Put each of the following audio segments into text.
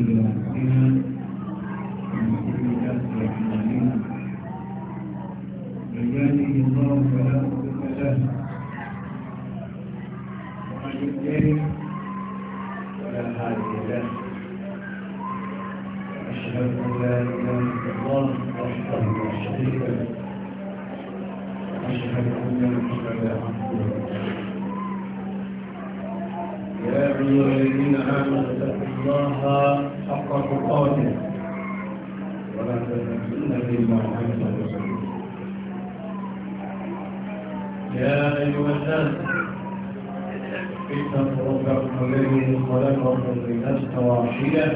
يهديه الله فلا مضل له واحدة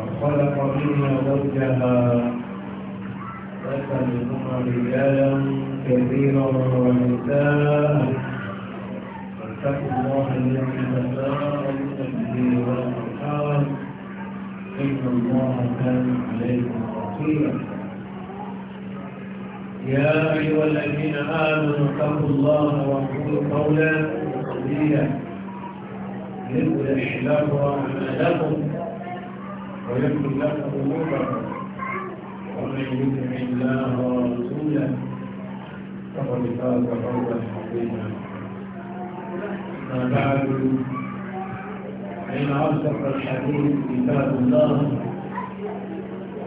وخلق منها زوجها بث منهما رجالا كثيرا ونساء واتقوا الله الذي تساءلون به والارحام ان الله كان عليكم رقيبا يا ايها الذين امنوا اتقوا الله وقولوا قولا سديدا يغفر لكم أعمالكم ويغفر لكم ذنوبكم ومن يدعي الله ورسوله فقد فاز فوزا عظيما ما بعد فإن أصدق الحديث كتاب الله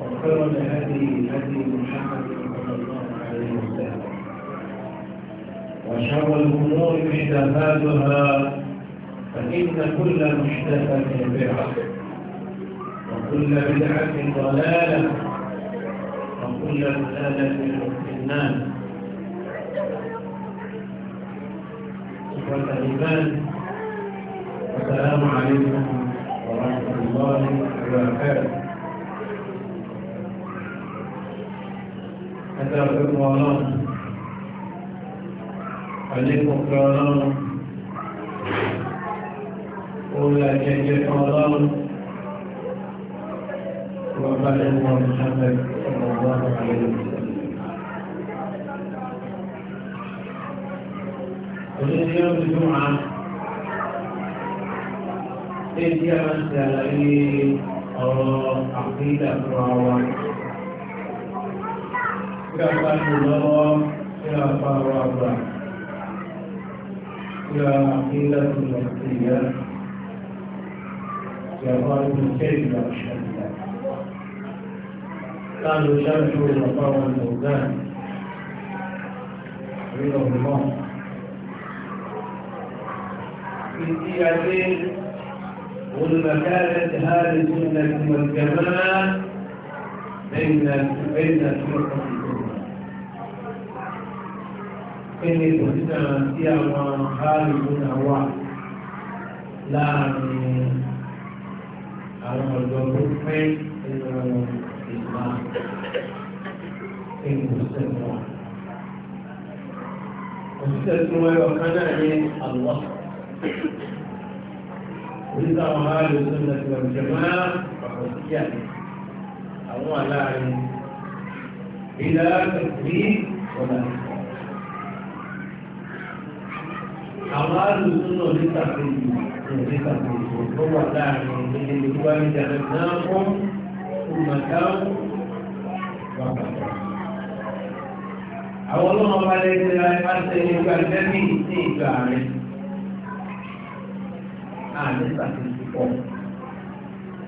وخير الهدي هدي محمد صلى الله عليه وسلم وشر الأمور محدثاتها فإن كل محدثة بدعة وكل بدعة ضلالة وكل ضلالة في النار إخوة الإيمان السلام عليكم ورحمة الله وبركاته أتى بكم الله عليكم الله òun àjẹjẹ ọlọ́run wọ́n bá lẹ́wọ̀n Muhammad ọmọọ̀gbọ́n àlejò. Òṣìṣẹ́ òṣìṣẹ́ máa ṣe tí a máa ń ṣàlàyé ọ̀rọ̀ àfíìdà fún wa wá. كظاهر الكلمة والشهادة قالوا شرح مقام الموزان رضا الله في سياسين والمكانة هذه السنة والجماعة بين بين الفرقة إني كنت في أمام خالد واحد لا pé ẹnu ìgbà ẹnu ìṣẹ́gun òṣìṣẹ́gun ẹ̀rọ kan náà ní àlọ́ onígbà wọn á lè tó lọ sí ọjọ́ máa pàpọ̀ sí àná àwọn aláàárín ìlà kẹsì ọ̀la àwọn alùpùpù náà ní tàbí ní ìdí tàbí. tó wà láàrin ilé ìwà ìjàdá náà fún ìmọ̀dáwó wàkàtà. àwọn ọlọ́run ọba lẹ́sẹ̀ láti máa ń tẹ̀lé ìgbà lẹ́bí ní ìgbà rẹ̀ àní sàkóso pọ̀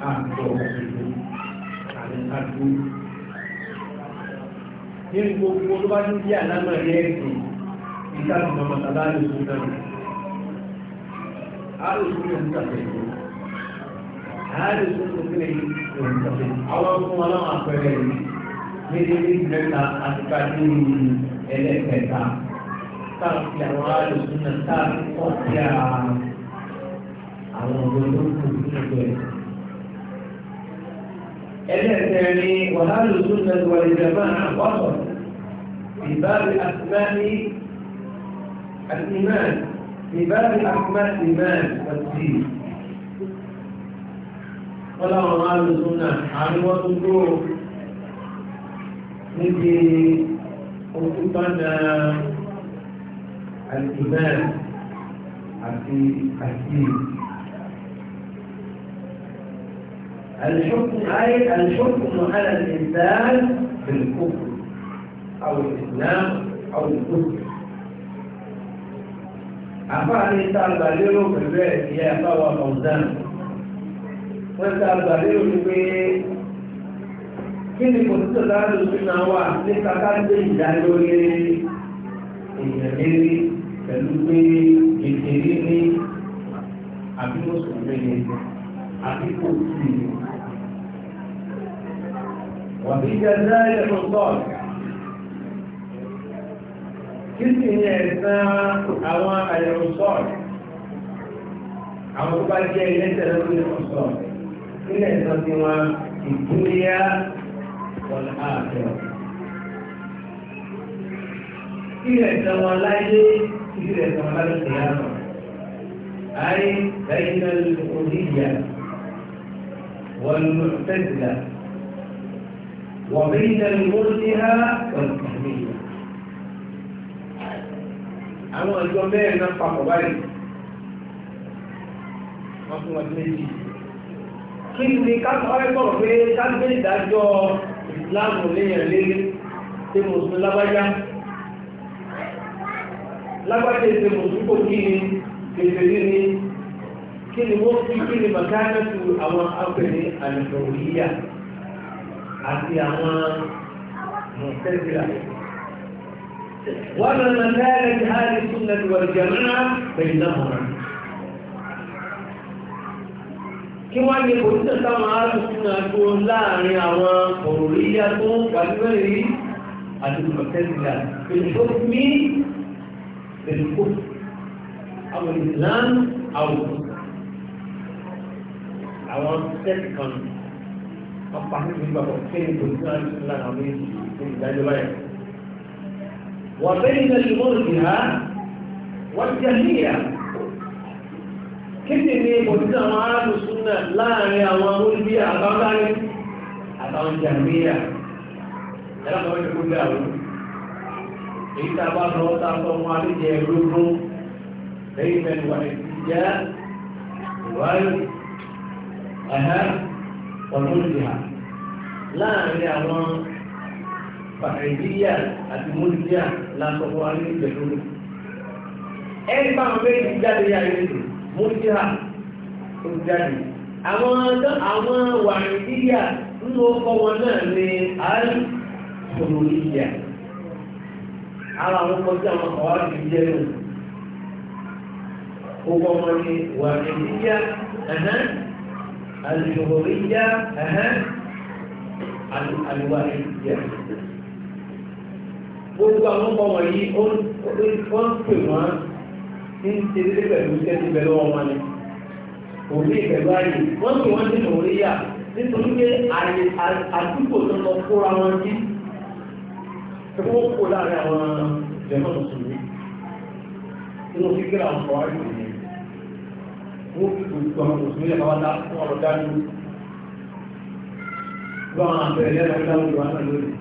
àtọ̀ òṣèlú àní àdó. nínú gbogbo tó bá ní bí àlámọ̀ rẹ̀ ẹ̀sìn ìtàkùn ọmọ tàbá lè tó dáná. أهل السنة المتقين أهل السنة المتقين أولكم ولا ما أقبلين nítorí mẹ́ta àtìká ní ẹlẹ́gbẹ̀ta táàkì àwọn alùsùnà táàkì pọ̀ sí àwọn òdòdó kù nígbà ẹ̀. ẹlẹ́gbẹ̀rin wàhálà alùsùnà wà ìjọba àpapọ̀ ìbáwí àtìmáàní àtìmáàní. لباب أحمد إمام الدين ولا رمال السنة عن وطنطور نجي وطنطنا الإيمان في الدين الحكم أي الحكم على الإنسان بالكفر أو الإسلام أو الكفر àfáàní sáàgbà lérò pẹ̀lú ẹ̀ ìyá àfáwà ọ̀dán wọ́n sáàgbà lérò ní pé kí ni kò títọ̀ láàrín òfin náà wà ní kàkà gbé ìdánilóyè èèyàn lérí pẹ̀lú pé kékeré ní àbí mùsùlùmí sí i. wàbí jẹ́ náà ẹ̀rọ kí sì ní ẹ̀sán àwọn àyẹ̀wò sọ́ọ̀rọ̀ àwọn tó bá jẹ́ ilé tẹ̀lé lórí ọ̀sọ̀ nílẹ̀ ìsọ̀ tí wọn ìdúnyá wọn ààbẹ̀. Ilẹ̀ ìsọ̀ wọn láyé ilẹ̀ ìsọ̀ wọn láyé tẹ̀lé àná. Ayé bẹ́yìn oníyà wọn tẹ̀síla wọ́n bẹ́yìn oníyà wọn tẹ̀síla. àwọn ọjọ́ mẹ́rin náà papọ̀ báyìí wọ́n fún wọn méjì kí ni káàkiri sọ̀rọ̀ pé káàkiri ìdájọ́ ìsìláàmù léèyàn lélé tí mo sún lágbájá lágbájá ètò ìmọ̀súnkò kí ni ètò yìí ni kí ni wọ́n fi kí ni màkánẹ́tù àwọn abẹ̀rẹ̀ àlùfẹ̀ òyìyà àti àwọn mọ̀tẹ́sílà وما مكانة هذه السنة والجماعة بينهما kí wọ́n ní pòlítà táwọn arúgbìn àjò láàrin àwọn òròríyá tó ń gbàgbẹ́rí àti ìfọ̀tẹ́sílà ìfọ̀tẹ́sílà pẹ̀lú àwọn islam àwọn àwọn tẹ́sí kan wọ́n pa nípa pọ̀ kí ni pòlítà àjò láàrin àwọn ìdájọ́ báyìí وبين المرجئة والجهمية kíndìnrín kò sí àwọn aráàlú súnà láàrin àwọn olùbí àbábáyé àtàwọn jàmíyà ẹlọ́pàá wọ́n ti kó dàrú èyí tá a bá lọ tá wọn àlejò ẹ̀rọ̀gbọ́n lẹ́yìn mẹ́rin wà lẹ́yìn jẹ́ ìwáyé ẹ̀hẹ́ ọ̀nà òjì láàrin àwọn fàìdíyà àti mọ́lìdíà lásọ̀wọ́ alẹ́ ìgbẹ̀lú mi ẹni bá wọn bẹ́ẹ̀ ti jáde yà ní ìlú mọ́lìdíà tó jáde àwọn àwọn wàìdíyà nínú ọkọ̀ wọn náà ní àárín sọ̀rọ̀lìyà ara àwọn ọkọ̀ tí àwọn ọkọ̀ wá ti jẹ́ nù ọkọ̀ wọn ní wàìdíyà ẹ̀hán àlùsọ̀rọ̀lìyà ẹ̀hán àlùwàìdíyà gbogbo àwọn ọmọ wọ̀nyí wọ́n ń pè wọ́n ní ìṣẹ́lẹ̀ pẹ̀lú iṣẹ́ ti bẹ̀rẹ̀ wọn wọn ni òní ìpẹ̀lú ayé wọ́n pè wọ́n nínú orí yà nítorí pé àyè àdúgbò tó lọ kóra wọn jí tó kó láàrin àwọn jẹ̀mọ́ mùsùlùmí nínú kíkẹ́rẹ́ àwọn ọ̀rọ̀ ayé òní wọ́n fi gbogbo àwọn mùsùlùmí lè bá dá fún ọ̀rọ̀ dájú gbọ́n àbẹ̀rẹ̀ lẹ́nu dáhùn ìwà náà lónìí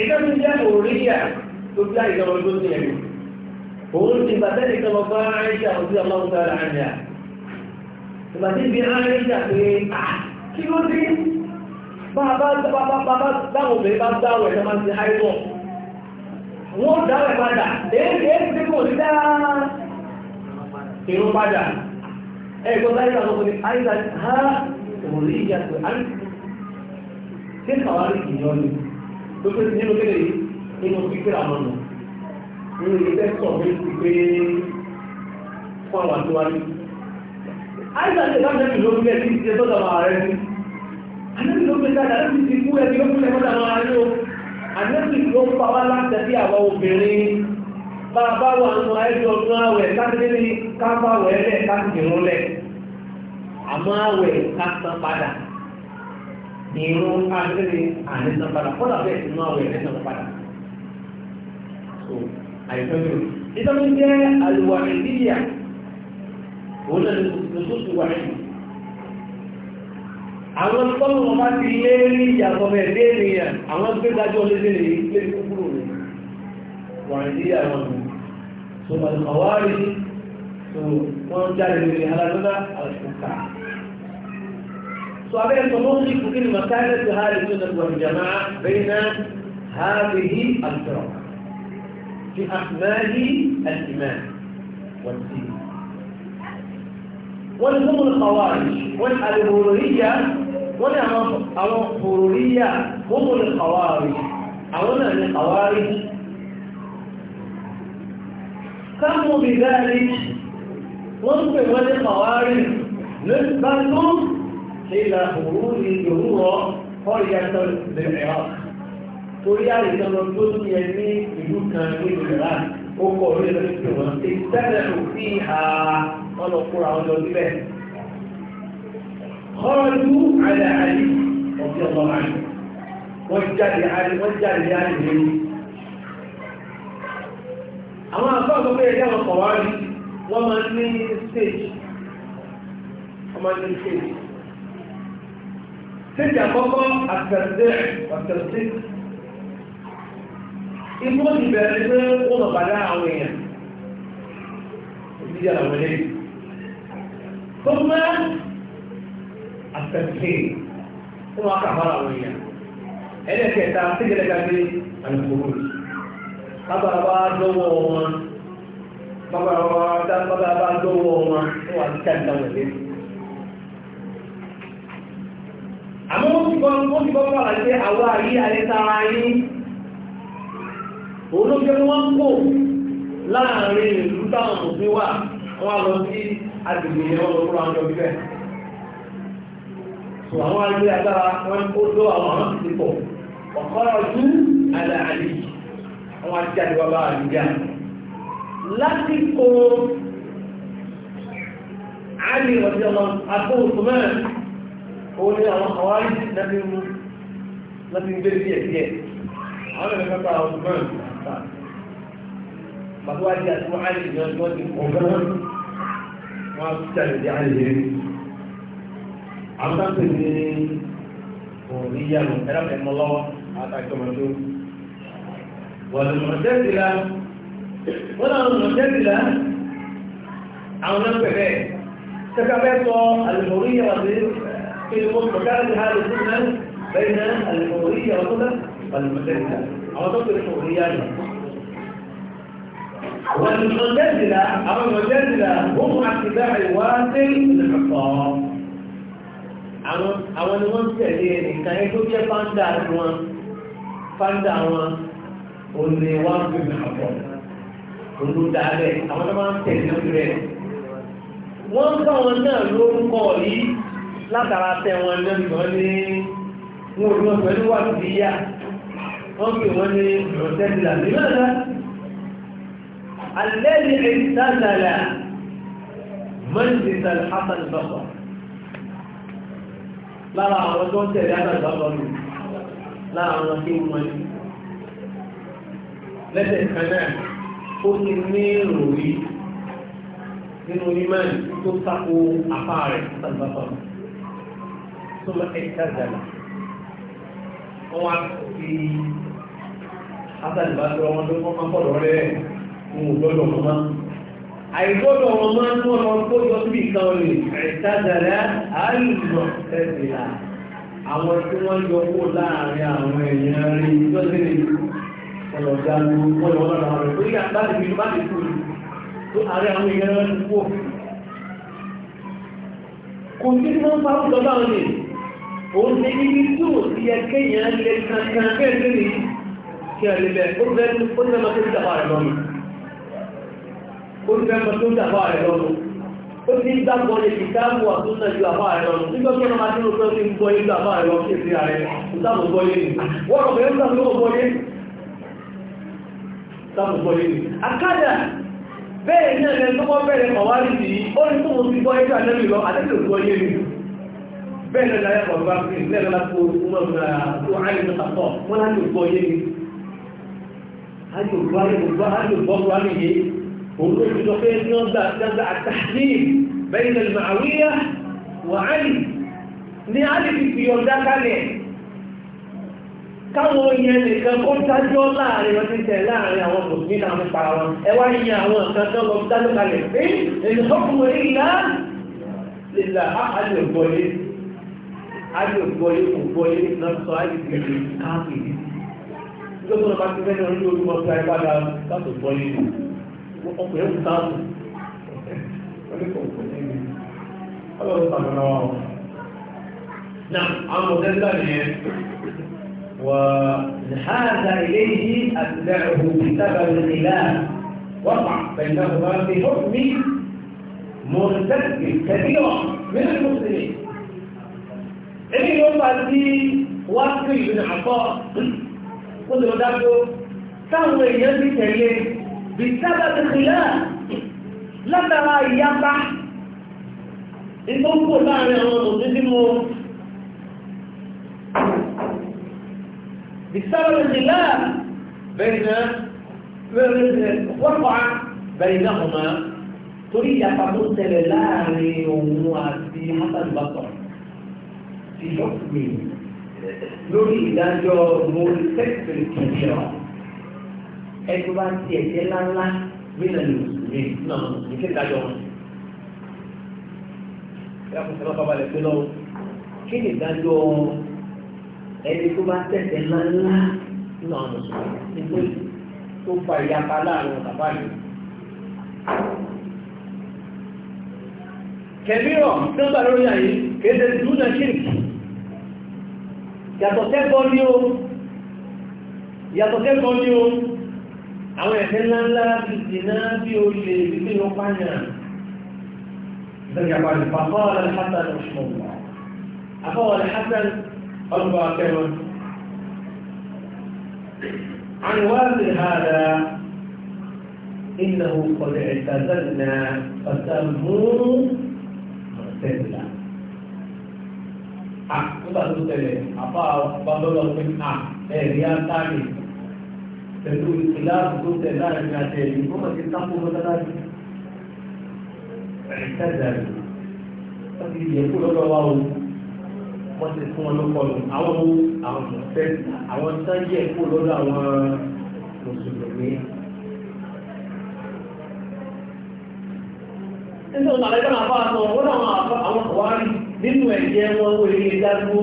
ìjọ tó jẹ́ òríyà tó bí àìjọ ọdún ní ẹ̀rù òun ti bàtẹ́ nìkan lọ bá àìjà òbí ọlọ́run tó ara àjà ìbàtí bí àìjà pé kí ló dé bàbá dáwọn obìnrin bá dáwọn ẹ̀ṣọ́ máa ti àìbọ̀ wọ́n dáwọn ẹ̀ padà èé ti kò sí dáa ìrún padà ẹ̀kọ́ láìjà lọ́kùn ní àìjà ha òríyà pé àìjà tí kàwárí tó tó ti nínú kéde yìí nínú pípẹ́ àwọn ọ̀nà nínú ìgbẹ́ sọ̀ pé pípẹ́ fún àwọn àtiwájú. àìsàn ti dáhùn sẹ́yìn lórí ẹ̀ tí ti ṣe tọ́jà máa rẹ̀ ní. àdébì ló gbé dáadáa ló ti kú ẹ̀ tí ó kúlẹ̀ mọ́ta máa rẹ̀ ó. àdébì ló ń pa wá láti ẹ̀bí àwọn obìnrin bá a bá wà nù ayélujára ọdún àwẹ̀ káṣílẹ̀ ní káfáwẹ̀ lẹ̀ káṣílẹ̀ rún lẹ̀ àmọ́ àwẹ̀ ká san padà irun agbẹ́rẹ́ àníṣàpadà kọ́lá bẹ́ẹ̀ sí náà rẹ̀ níṣàpadà so àìfẹ́mìlò nítorí jẹ́ àlùwàrí líyà òun náà lóṣooṣù wàrí àwọn tọ́lù wọn bá ti lé ní ìyàtọ̀ rẹ̀ lé ènìyàn àwọn gbé dájọ́ lé lé lé kúkúrò rẹ̀ wàrí líyà wọn so àlùkọ̀wárí so wọ́n jáde lórí alágbádá àlùkọ̀ká الصحابي المتمسك كل مكانة هذه السنة والجماعة بين هذه الفرق في أحمال الإيمان والدين ولهم الخوارج والألهورية والألهورية هم الخوارج أولا الخوارج سموا بذلك وانتم الخوارج نسبة إلى خروج الجمهور قرية بالعراق torí àìsàn lọ tó ní ẹni ìlú kan nínú ìran ó kọ orí ẹ̀rọ ìpè wọn ìtẹ́lẹ̀ òfin ha ọlọ́kùnrin àwọn ọjọ́ síbẹ̀. kọ́ọ̀lù àlẹ́ àlè ọ̀bí ọmọ àlè wọ́n jáde àlè wọ́n jáde àlè lẹ́nu. àwọn àbá ọ̀gbọ́n bẹ́ẹ̀ yẹ́ wọn kọ̀ wá rí wọ́n máa ń ní stage wọ́n máa ń ní stage. Sẹ́jì àkọ́kọ́ àtẹ̀sẹ̀ ọ̀tẹ̀sẹ̀. Ibú ti bẹ̀rẹ̀ pé ó lọ bàdá àwọn èèyàn. Ìdíjà àwọn eléyìí. Tó mẹ́ àtẹ̀sẹ̀ ó máa kàfàrà àwọn èèyàn. Ẹlẹ́kẹta sígẹ̀lẹ́gà ní àlùkòrò. Bábàrà bá dọ́wọ́ wọn. Bábàrà bá dọ́wọ́ wọn. Ó wà ní kẹ́ńtà wọ̀lé. àmọ́ wọ́n ti gbọ́n wọ́n ti gbọ́n wà láti àwọn àyí àyẹ́tara yí òun ló jẹ́ wọ́n kò láàrin ìlú táwọn òfin wà wọ́n lọ sí agbègbè yẹn wọ́n lọ fúnra wọn bíbẹ̀ tó àwọn àyè agbára wọn kó lọ àwọn àwọn ti pọ̀ ọ̀kọ́rọ̀ ju àlà àwọn àti òun ni àwọn àwárí lẹ́bí mú lẹ́bí gbé díẹ̀ díẹ̀ àwọn ẹ̀rọ mẹ́ta àwọn mẹ́rin ta bàbá wa di àti wọn àyè ìjọ tí wọ́n ti kọ̀ gan-an wọn á jáde di àyè yẹn àwọn náà pè ní òní yanu ẹ̀rọ mẹ́mọ́ lọ́wọ́ àtàkùn ọmọdé wọ́n lè mọ̀ tẹ́sílá wọ́n náà mọ̀ tẹ́sílá àwọn náà pè bẹ́ẹ̀ sẹ́kà sọ àlùmọ̀rí yẹn في المصر كان هذا الزمن بين الأمورية والمدن والمدنة أو تطور الشغريات والمجدلة أو المجدلة هم اتباع الواصل للحطام أو نوان سيديني كان يكون في فاندار نوان فاندار نوان ونوان واصل للحطام ونوان دعالي أو نوان سيديني وان كان وانا لون قولي látara tẹ wọn lẹ́nu wọn ní wọn ò ní wọn pẹ̀lú wà sí yá wọn pè wọn ní rọ̀tẹ́tìlà ní mẹ́ta alẹ́ ní ìtàzàlà mọ́nìtìtà hasan bàbá lára àwọn tó ń tẹ̀lé hasan bàbá mi lára àwọn tó ń wọlé lẹ́sẹ̀ kan ó ti ní ìròyìn nínú onímọ̀ tó tako apá rẹ̀ hasan bàbá mi tó lọ ẹ̀ka ìdàlù wọ́n wá fi átàlùbá tó wọn tó wọ́n máa pọ̀ lọ́rẹ́ wọn ò gbọ́dọ̀ wọn máa àìgbọ́dọ̀ wọn máa ń wọ́n lọ kó yọ síbi kan lè ẹ̀ka ìdàlù àìlùmọ̀ ẹ̀sìlá àwọn tí wọ́n yọ kó láàrin àwọn èèyàn rí lọ́sẹ̀ ọlọ́dà ló wọ́n lọ́wọ́ lọ́wọ́ rẹ̀ lórí àgbáyé ìlú bá ti kú tó ààrẹ àwọn èèyàn rẹ̀ ti kú kò sí ní wọ́n pa ó lọ́dọ̀ àwọn èèyàn òun ní ibi tí ò sí yẹ kéèyàn lè kankan bẹ́ẹ̀ lé ní kí ẹ lè bẹ́ẹ̀ ó fẹ́ ó fẹ́ máa tó dàbà rẹ̀ lọ́nu ó fẹ́ máa tó dàbà rẹ̀ lọ́nu ó ti ń gbàgbọ́ lè fi dáàbò àtúnṣe ju àbá rẹ̀ lọ́nu nígbà tí wọ́n máa dúró pé ó ti ń gbọ́ ilé àbá rẹ̀ lọ́nu sí ìfìyà rẹ̀ kò sáàbò gbọ́ ilé nì wọ́n rọ̀ pé ó bẹ́ẹ̀ lọ́la ẹ̀kọ́ bá fi bẹ́ẹ̀ lọ́la kó ọmọ ọmọ ayé ní kàtọ́ wọn á yóò gbọ́ yé mi á yóò gbọ́ á yóò gbọ́ á yóò gbọ́ wá mi yé òun ló ti sọ pé ní wọn gbà gbàgbà àtàkì bẹ́ẹ̀ ní màwíyá wà á lì ní á lè fi fi ọ̀dá kó dájọ́ láàrin wọn tẹ̀ láàrin àwọn mùsùlùmí náà ń para wọn ẹ wá àwọn nǹkan tó lọ dájọ́ kalẹ̀ pé ènìyàn kò mọ lè là á á lè ayé ògbọ́lé ògbọ́lé lọ́sọ̀ ayé ìgbèrè káàkiri nígbà tó bá ti fẹ́ lórí olúmọ fún ayé padà láti gbọ́lé ni ọkọ̀ yẹn kù táàbù ọlọ́run pàdé náà wà wọ́n. náà àwọn ọ̀dẹ́ ńlá nìyẹn وهذا إليه أتبعه بسبب الخلاف وقع بينهما في حكم مرتد كبيرة من المسلمين èyí ló fà sí wákìlì ìbìnà àpọ̀ ó lè dájú táwọn èèyàn ti tẹ̀lé bí sábà ti kìlá látara ìyapa ìtọ́kù láàrin àwọn ọmọdé tí mo bí sábà ti kìlá bẹ̀rẹ̀ bẹ̀rẹ̀ wọ́pàá bẹ̀rẹ̀ náà mọ̀ torí ìyapa tó tẹ̀lé láàrin òun àti hátàlùbátọ̀ ti ṣọ́kùnrin lórí ìdájọ́ mo tẹ́sítì kìíyà ẹgbẹ́ bá ti ẹ̀jẹ̀ ńláńlá nínú ẹ̀lú mùsùlùmí náà mùsùlùmí kí ìdájọ́ wọn. ìyàpò sábà bàbá rẹ̀ pé lọ́wọ́ kí ni ìdájọ́ ẹni tó bá tẹ̀sẹ̀ ńláńlá nínú àwọn mùsùlùmí nítorí tó fa ìyapa láàrin bàbá yìí. kẹ̀míràn tó ń bà lórí àyè kéde dúdà ṣírìkì. yàtọ̀ sẹ́kọ̀ọ́ ní o yàtọ̀ sẹ́kọ̀ọ́ ní o àwọn ẹ̀fẹ́ ńláńlá ti dìná bí o lè rí pé ó pààyàn ìgbẹ̀yàpá ní pàpọ̀ alhassan ọ̀ṣọ́gbà àpọ̀ alhassan ọ̀gbà akẹ́wọ̀n عنوان هذا إنه قد اعتزلنا فسموه معتزلا à ah, nígbà tó tẹ̀lẹ̀ àbá àbálọ́lọ́ pé à ah, ẹ̀rí àtàrí pẹ̀lú ìlànà tó tẹ̀ láàrin àti ẹ̀yìn tó mọ̀ sí sápò mọ́tàlájì ẹ̀ẹ́dẹ̀rẹ̀ wọ́n ti yẹ kó lọ́dọ̀ wá o wọ́n ti fún wọn lókọlù àwọn owó àwọn ọ̀fẹ́ àwọn sáyẹ kó lọ́dọ̀ àwọn mùsùlùmí. nítorí àwọn ẹgbẹ́ náà bá a sọ wọ́n náà àwọn àwárí nínú ẹ̀jẹ̀ wọn wọ́n èyí dágbó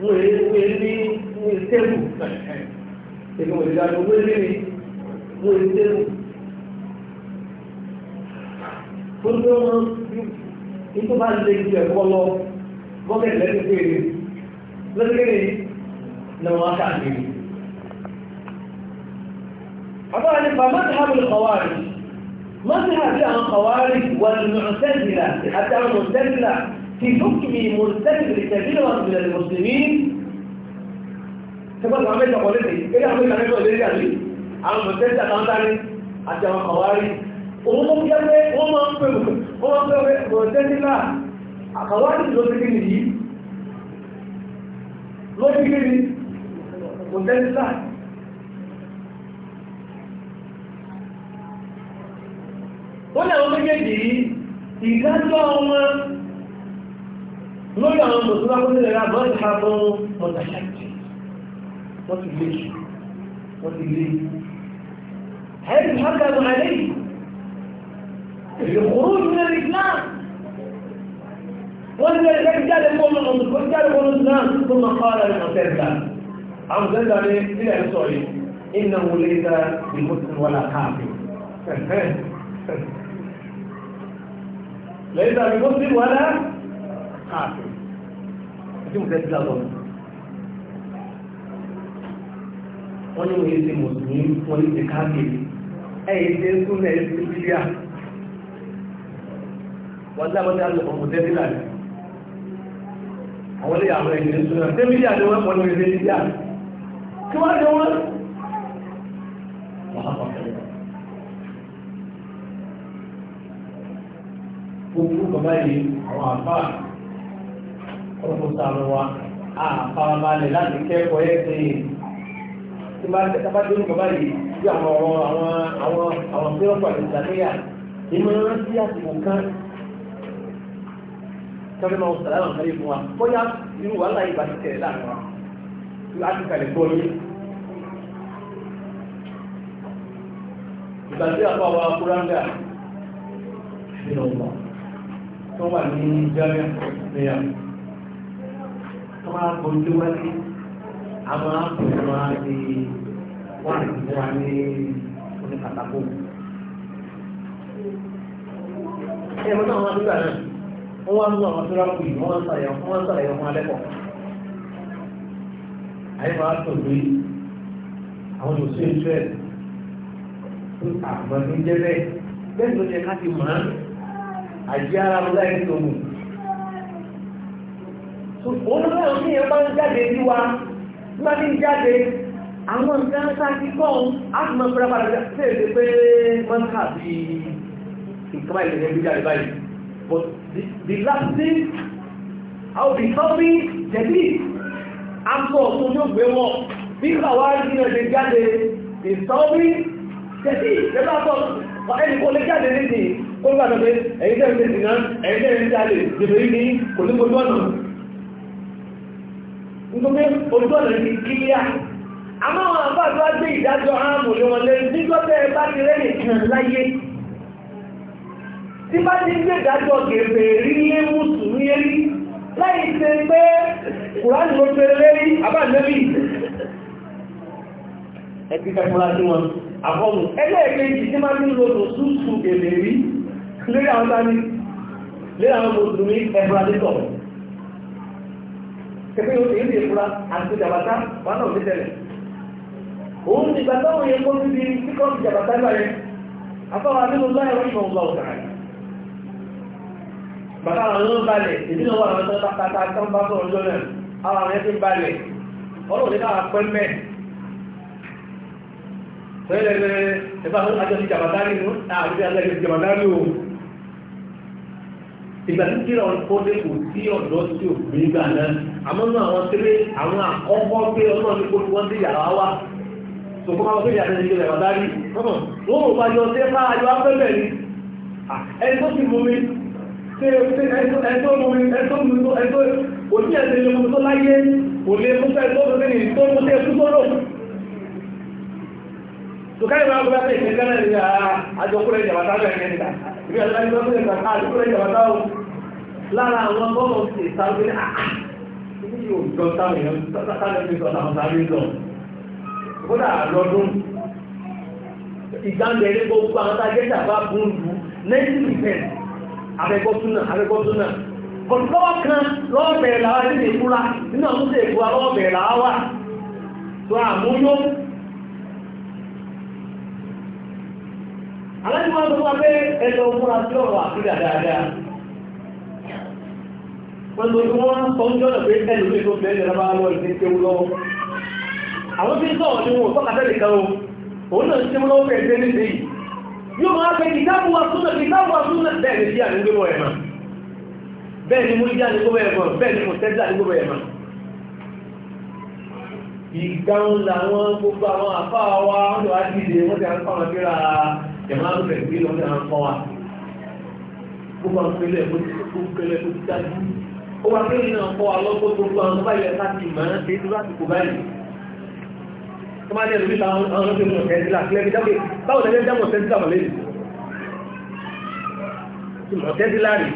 wọ́n èyí ní wọ́n èyí tẹ́lù èyí wọ́n èyí dágbó wọ́n èyí ní wọ́n èyí tẹ́lù gbogbo wọn nítorí bá lè ju ẹ̀kọ́ lọ bọ́kẹ̀tì lẹ́nu péré lọ́sẹ̀kẹ̀rẹ̀ yìí ni wọ́n ká àgbèrè. àbáwọn ní bàbá ti hábìlì kọ̀wá مذهب الخوارج والمعتزلة حتى المعتزلة في حكم مرتكب لكبيرة المسلمين تبقى عملت قولتي ايه عملت عملت قولتي عملت àwọn mọ̀tẹ́sà kan bá ní àti àwọn àwárí òun mọ́ jẹ́ pé wọ́n máa ń pè wọ́n máa ń méjèèjì yìí ìdájọ́ lórí àwọn mùsùlùmí lè ra bọ́ọ̀lù àbọ̀ mọ̀tàṣàkì wọ́n ti lé wọ́n ti lé هل حكم عليه الخروج من الإسلام وأن الرجال يقول الرجال يقول الإسلام ثم قال المعتزلة عمزلة إنه ليس بمسلم ولا كافر lẹ́yìn tàbí ó sì wọ́n náà káàkiri tí mo fẹ́ sí àlọ́ wọ́n ní wọ́n ti mùsùlùmí wọ́n ní ti káàkiri ẹ̀yìn tí ń tún náà ti bíbíà wọ́n dábọ́ tí a lọ ọmọ tẹ́bílà ni àwọn ilé àwọn ẹ̀yìn tí ń tún náà tẹ́bílà ni wọ́n pọ̀ ní ìrẹ́bíà kí wọ́n á gbogbo bàbá yìí àwọn àbá ọlọ́pọ̀ sàánú wa àfarabalẹ̀ láti kẹ́kọ̀ọ́ ẹ̀ ṣe tí bá dé ní bàbá yìí bí àwọn ọ̀rọ̀ àwọn àwọn àwọn fẹ́rọ̀pọ̀ àti ìdàkẹ́yà ìmọ̀ ẹran sí àsìkò kan kẹ́kẹ́ máa sàlá àwọn ọ̀sán yìí fún wa bóyá irú wàhálà yìí bá ti tẹ̀lé láàrin wa tí a ti kàlẹ̀ gbọ́ yìí. ìgbà tí àpá wa kúráńgà nínú ọgbà tó wà ní jẹ́rẹ̀ lẹ́yà tó máa gbójú wáyé a máa bẹ̀rẹ̀ máa di wọ́n lè fún wa ní oní kàtàkó. ẹ̀rọ náà wọ́n nígbà náà wọ́n wá ń mú àwọn tó rákù yìí wọ́n wá ń sàlẹ̀ wọ́n wá ń sàlẹ̀ ọmọ alẹ́kọ̀ọ́. àyè máa àwọn òṣèlú ẹ̀ tó àgbọn ní jẹ́ bẹ́ẹ̀ ló yẹ ká ti àjí ara mi láì tó mù. òun náà ní ẹ̀ bá ń jáde sí wa bí wọ́n ti ń jáde àwọn nǹkan sáàkì kọ́ọ̀n á sì máa fẹ́ra padà sí èdè pé wọ́n kà bí nǹkan báyìí lè ní jáde báyìí. but the, the last thing I will be helping jẹ̀bi aṣọ ọ̀tún yóò gbé wọ̀ bí kàwá ní ọ̀dẹ̀ jáde the service tẹ̀sí ìjẹba bọ̀ ẹni kò lè jáde nídi kó ń gbàdọ̀ pé ẹ̀yìn tẹ́ ìṣẹ́ ìsìnà ẹ̀yìn tẹ́ ìṣẹ́ alẹ́ jẹ̀bẹ̀ yìí ní kò ní gbogbo ọ̀nà nítorí ojú ọ̀nà ti kíyà àmọ́ àwọn àbájọ́ gbé ìdájọ́ ààmù lé wọn lé níjọ́ tẹ́ ẹ bá ti rẹ́ nìkan láyé tí bá ti gbé ìdájọ́ gẹ̀ẹ́fẹ̀ rí lé mùsùlùmí rí sí wọn àbọ̀mù ẹlẹ́ẹ̀kejì tí máa ń lo lòsúsù èdè rí lórí àwọn tání lórí àwọn mùsùlùmí ẹ̀fúradítọ̀ kẹfẹ́ yóò tẹ̀lé ìfura àti jàbátá wà náà tẹ́tẹ̀lẹ̀ òun ti gbà táwọn yẹn kó síbi kíkọ́ ti jàbátá gbà yẹn afọ́wà nínú láyé wọ́n ìmọ̀ ọ̀gbà ọ̀tà rẹ̀ bàbá àwọn ọ̀nà balẹ̀ ìdí náà wà láwọn tọ́ta tọ́ta tọ́ta tọ́ta tọ́ta tọ́ta tọ́ta tọ́ta tọ́ta tọ́ta tọ́ta fẹ́lẹ̀lẹ́ ẹbá ajọ́ sí jàbátárì ní àríwá alẹ́gbẹ̀ jàbátárì o ìgbà tí kíra ọ̀pọ̀dé kò sí ọ̀dọ́ tí ò gbé gbà náà àmọ́ náà àwọn tẹ́lẹ̀ àwọn àkọ́kọ́ pé ọmọ ní kó wọ́n dé yàrá wa ṣùgbọ́n àwọn tẹ́lẹ̀ àti ìjọba jàbátárì wọ́n mọ̀ bá yọ tẹ́ máa yọ afẹ́fẹ́ ni ẹni tó ti mú mi ẹ̀tọ́ mú mi ẹ̀tọ́ mú mi ẹ̀tọ́ òní ẹ̀sẹ̀ tukari ma gba se kan kana ya ajo kure ya bata ga ni ta ibi ala ni ba se kan ajo kure ya bata o la la won ko mo se sa bi a ni yo go ta mi ta ta ta ni so ta ta bi so ko da lọ́dún ìgbàndẹ̀ ní gbogbo àwọn tàgẹ́tà bá bún lù 90% abẹ́gbọ́túnà abẹ́gbọ́túnà kọ̀tọ́wọ́ kan lọ́ọ̀bẹ̀rẹ̀ làwá nílé ìfúra nínú àwọn tó ṣe ìfúra lọ́ọ̀bẹ̀rẹ̀ làwá tó àmúyó aláìsí wọn tó wá pé ẹjọ́ múra sí ọ̀rọ̀ àfíríà dáadáa pẹ̀lú ojú wọn sọ ń jọ́nà pé ẹlù ní tó fẹ́ẹ́ jẹ́ra bá lọ ìdí tí ó lọ àwọn tí ń sọ̀rọ̀ ni wọn tọ́ka tẹ́lẹ̀ kan òun náà tí ó lọ́wọ́ fẹ́ẹ́ tẹ́lẹ̀ sí yóò máa fẹ́ kìtàbù wa súnà kìtàbù wa súnà bẹ́ẹ̀ ni sí àdúgbò ẹ̀mà bẹ́ẹ̀ ni múlíjà ní ìgbàun làwọn gbogbo àwọn àfáà wa wọ́n lọ́wọ́ á dìde wọ́n ti à ń pàmò jẹ̀mọ́ àlùfẹ́ ìgbé lọ ní àwọn wa kó bá pélé kó pélé kó dájú ó wá pélé náà kọ́ wa lọ́kọ́ tó kọ́ àwọn báyìí ẹ̀ka ti mọ̀ ẹ́ ṣe é dúró àsìkò báyìí tó máa jẹ́ lórí ta àwọn ọlọ́sẹ̀ mọ̀ tẹ́sílà kílẹ̀ fi dábòye báwo lẹ́yìn dábò tẹ́sílà mọ̀ lẹ́yìn mọ̀ tẹ́sílà rè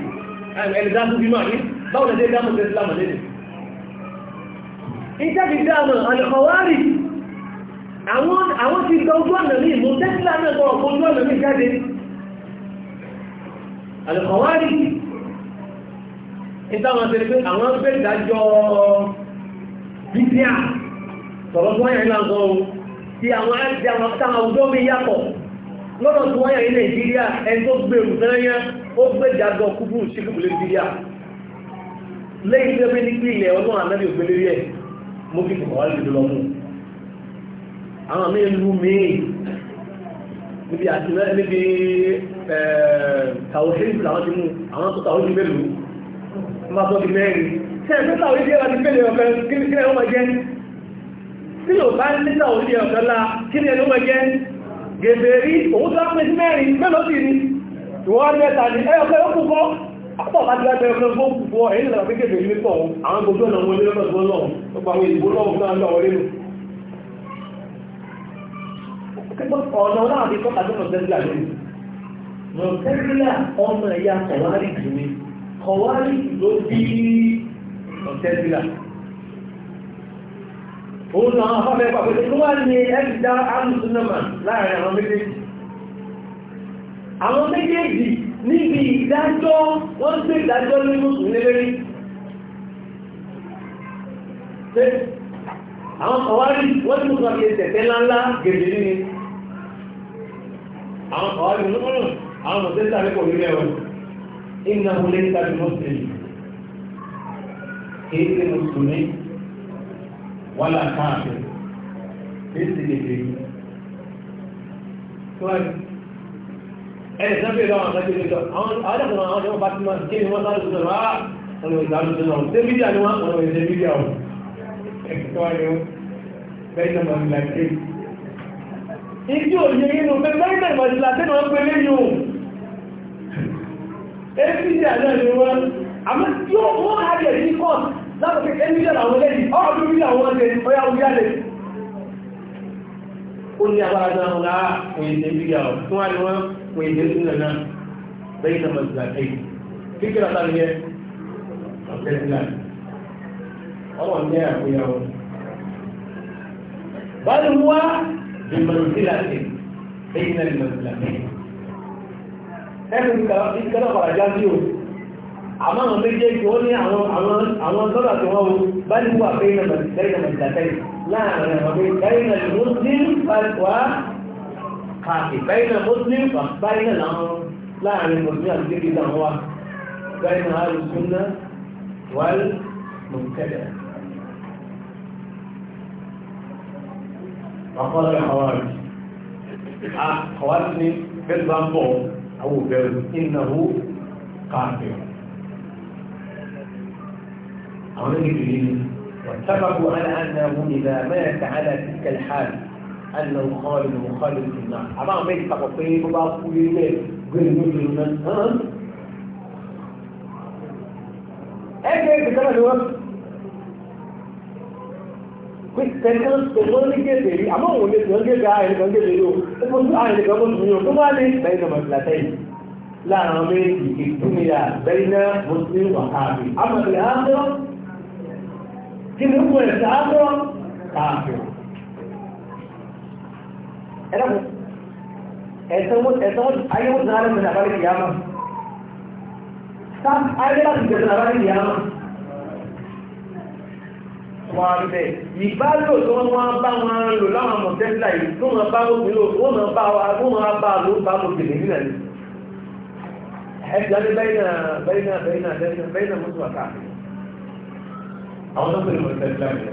ẹni dábò àwọn àwọn ti gba ojú ọ̀nà ní ìmú tẹ́sílá náà kọ́ ọ̀pọ̀ ojú ọ̀nà ní jáde alùkọ̀wárí ìtàwọn tẹ́lẹ̀ pé àwọn ń bẹ̀rẹ̀ dájọ́ bíbíà sọ̀rọ̀ tó wáyà nílá gan ohun tí àwọn àti àwọn táwọn àwùjọ mi yàtọ̀ lọ́dọ̀ tó àwọn mí lú míì níbi àtìmẹ́ níbi tàwọn ṣéyìn làwọn ti mú àwọn tó tàwọn ti mélòó má tó ti mẹ́rin sẹ́yìn tó tàwọn ìdí ẹ̀rọ ti pèlè ọ̀fẹ́ kí ni ẹ̀rọ máa jẹ́ tí yóò bá ní tàwọn ìdí ọ̀fẹ́ la kí ni ẹ̀rọ máa jẹ́ gèdè rí òun tó pèsè mẹ́rin mélòó sì ni ìwọ́n mẹ́ta ni ẹ̀yọ̀fẹ́ àpọ̀ bá ti lábẹ́ fún òkùnkùn ẹ̀yìn lọ́wọ́ ọ̀nà náà ti tọ́ka tó mọ̀tẹ́sílà lónìí mọ̀tẹ́sílà ọmọ ẹ̀yà kọ̀wárì jù ní kọ̀wárì ló bí mọ̀tẹ́sílà òun náà afọ́fẹ́ pàpẹ́ tó wá ní ẹ̀dá alùsùnàmà láàrin àwọn méjèèjì àwọn méjèèjì níbi ìdájọ́ wọ́n ń gbé ìdájọ́ lórí mùsùlùmí lérí àwọn kọ̀wárì wọ́n ti mú àwọn ọ̀rọ̀ ìmúlùmúlù àwọn mọ̀tẹ́sà rẹ̀ kò rí rẹ̀ wọn iná wọlé ń tàbí mọ́sílì kìí ṣe mùsùlùmí wà láàkáàbẹ̀ kìí ṣe lè rí ẹni sábẹ́ ìlú àwọn àgbàjẹ́ ìjọ àwọn àjọ́kùnrin àwọn ọjọ́ bá ti máa kí ni wọ́n sáré tuntun rà ọ̀nà ìdájú tó náà ṣé mídíà ni wọ́n ọ̀nà ìṣẹ́ mídíà ọ̀ ẹ̀kọ́ wáyé ó bẹ́ẹ̀ náà máa ń gbà ìdí òye nínú pé mẹ́rin ìmọ̀sílá tí na pè léyìn ohun apc àjọ ìlú wọn àmọ́ tí ó mú àjẹ́ sí court láti pé ẹnìyàn àwọn lẹ́yìn ọdún bí ya ọdẹ ọya oyálè ó ní agbára náà wọn láà òyìnbó bí yà ọ́ fún àjọ wọn òyìnbó sí náà náà lẹ́yìn بمنزلة بين المنزلتين ẹnu ìkẹ́lẹ̀ ọ̀pàdà já sí o àmọ́ àwọn méjèèjì wọ́n ní àwọn sọ́dà tí wọ́n bá ní wà bẹ́ẹ̀ mẹ́tẹ̀ẹ̀tẹ̀ láàrin àwọn bẹ́ẹ̀ na muslim wá kàfì bẹ́ẹ̀ na muslim wà báyìí náà láàrin muslim àti kékeré àwọn wa bẹ́ẹ̀ na alùsùn náà wà mọ̀kẹ́lẹ̀ ọ̀pọ̀lọpọ̀ ìhàwárí àkọwàtí في bẹ́ẹ̀bá أو bọ̀ إنه òbẹ̀rẹ̀ ìnáwó káàkiri واتفقوا على أنه إذا مات على تلك الحال أنه خالد وخالد في النار أما ما يتفقوا فيه بقى كل يوم غير مجرم ها؟ أجل بسبب الوقت pé tẹ̀gbọ́n tẹ̀gbọ́n ní gèdè rí àmọ́ òun lè tẹ̀gbọ́n gèdè ààrẹ nìkan gèdè yóò ó kó tún ààrẹ nìkan mọ́ tún yóò tó wá ní lẹ́yìn náà màtìlá tẹ́yìn láàrin ọmọ èyí ìtúnìyà lẹ́yìn náà mùsùlùmí wà káàbì àmàlẹ́ àádọ́ kí ni wọ́n ẹ̀sẹ̀ àádọ́ káàbì ẹ̀sẹ̀ wọ́n ayé wọ́n ti náà rẹ̀ mẹ́ta bá wọ́n á rí bẹ́ẹ̀ ìbálò tó wọ́n bá wọn lò láwọn mọ̀tẹ́sílà yìí tó wọ́n bá wọn lò wọ́n máa bá wa wọ́n máa bá ló bá mo tèlé nílẹ̀ ni ẹ̀jẹ̀ ní bẹ́yìn náà bẹ́yìn náà bẹ́yìn náà bẹ́yìn náà bẹ́yìn náà mọ́tò wà káàkiri àwọn tó pèlè mọ̀tẹ́sílà yìí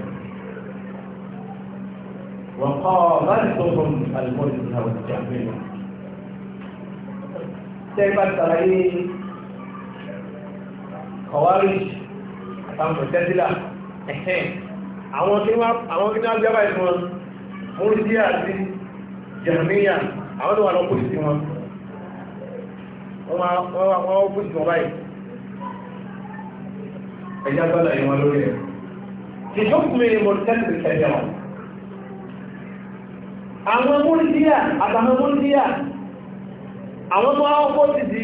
wọ́n kọ́ báyìí tó fún àwọn tí wọ́n gbẹ́bà ìfún wọn múrùdí àti jẹ̀míyà àwọn tó wà lọ́pọ̀ ìsìn wọn wọ́n wọ́n pọ̀ ìsìn wọn báyìí ẹjá gbọ́nà ìwọ̀n lórí ẹ̀ ti ṣọ́kùnrin mọ̀ tẹ́lẹ̀ ìfẹ́jẹ̀ wọn àwọn múrùdí àtàwọn múrùdí àwọn tó wọ́n pọ̀ ti di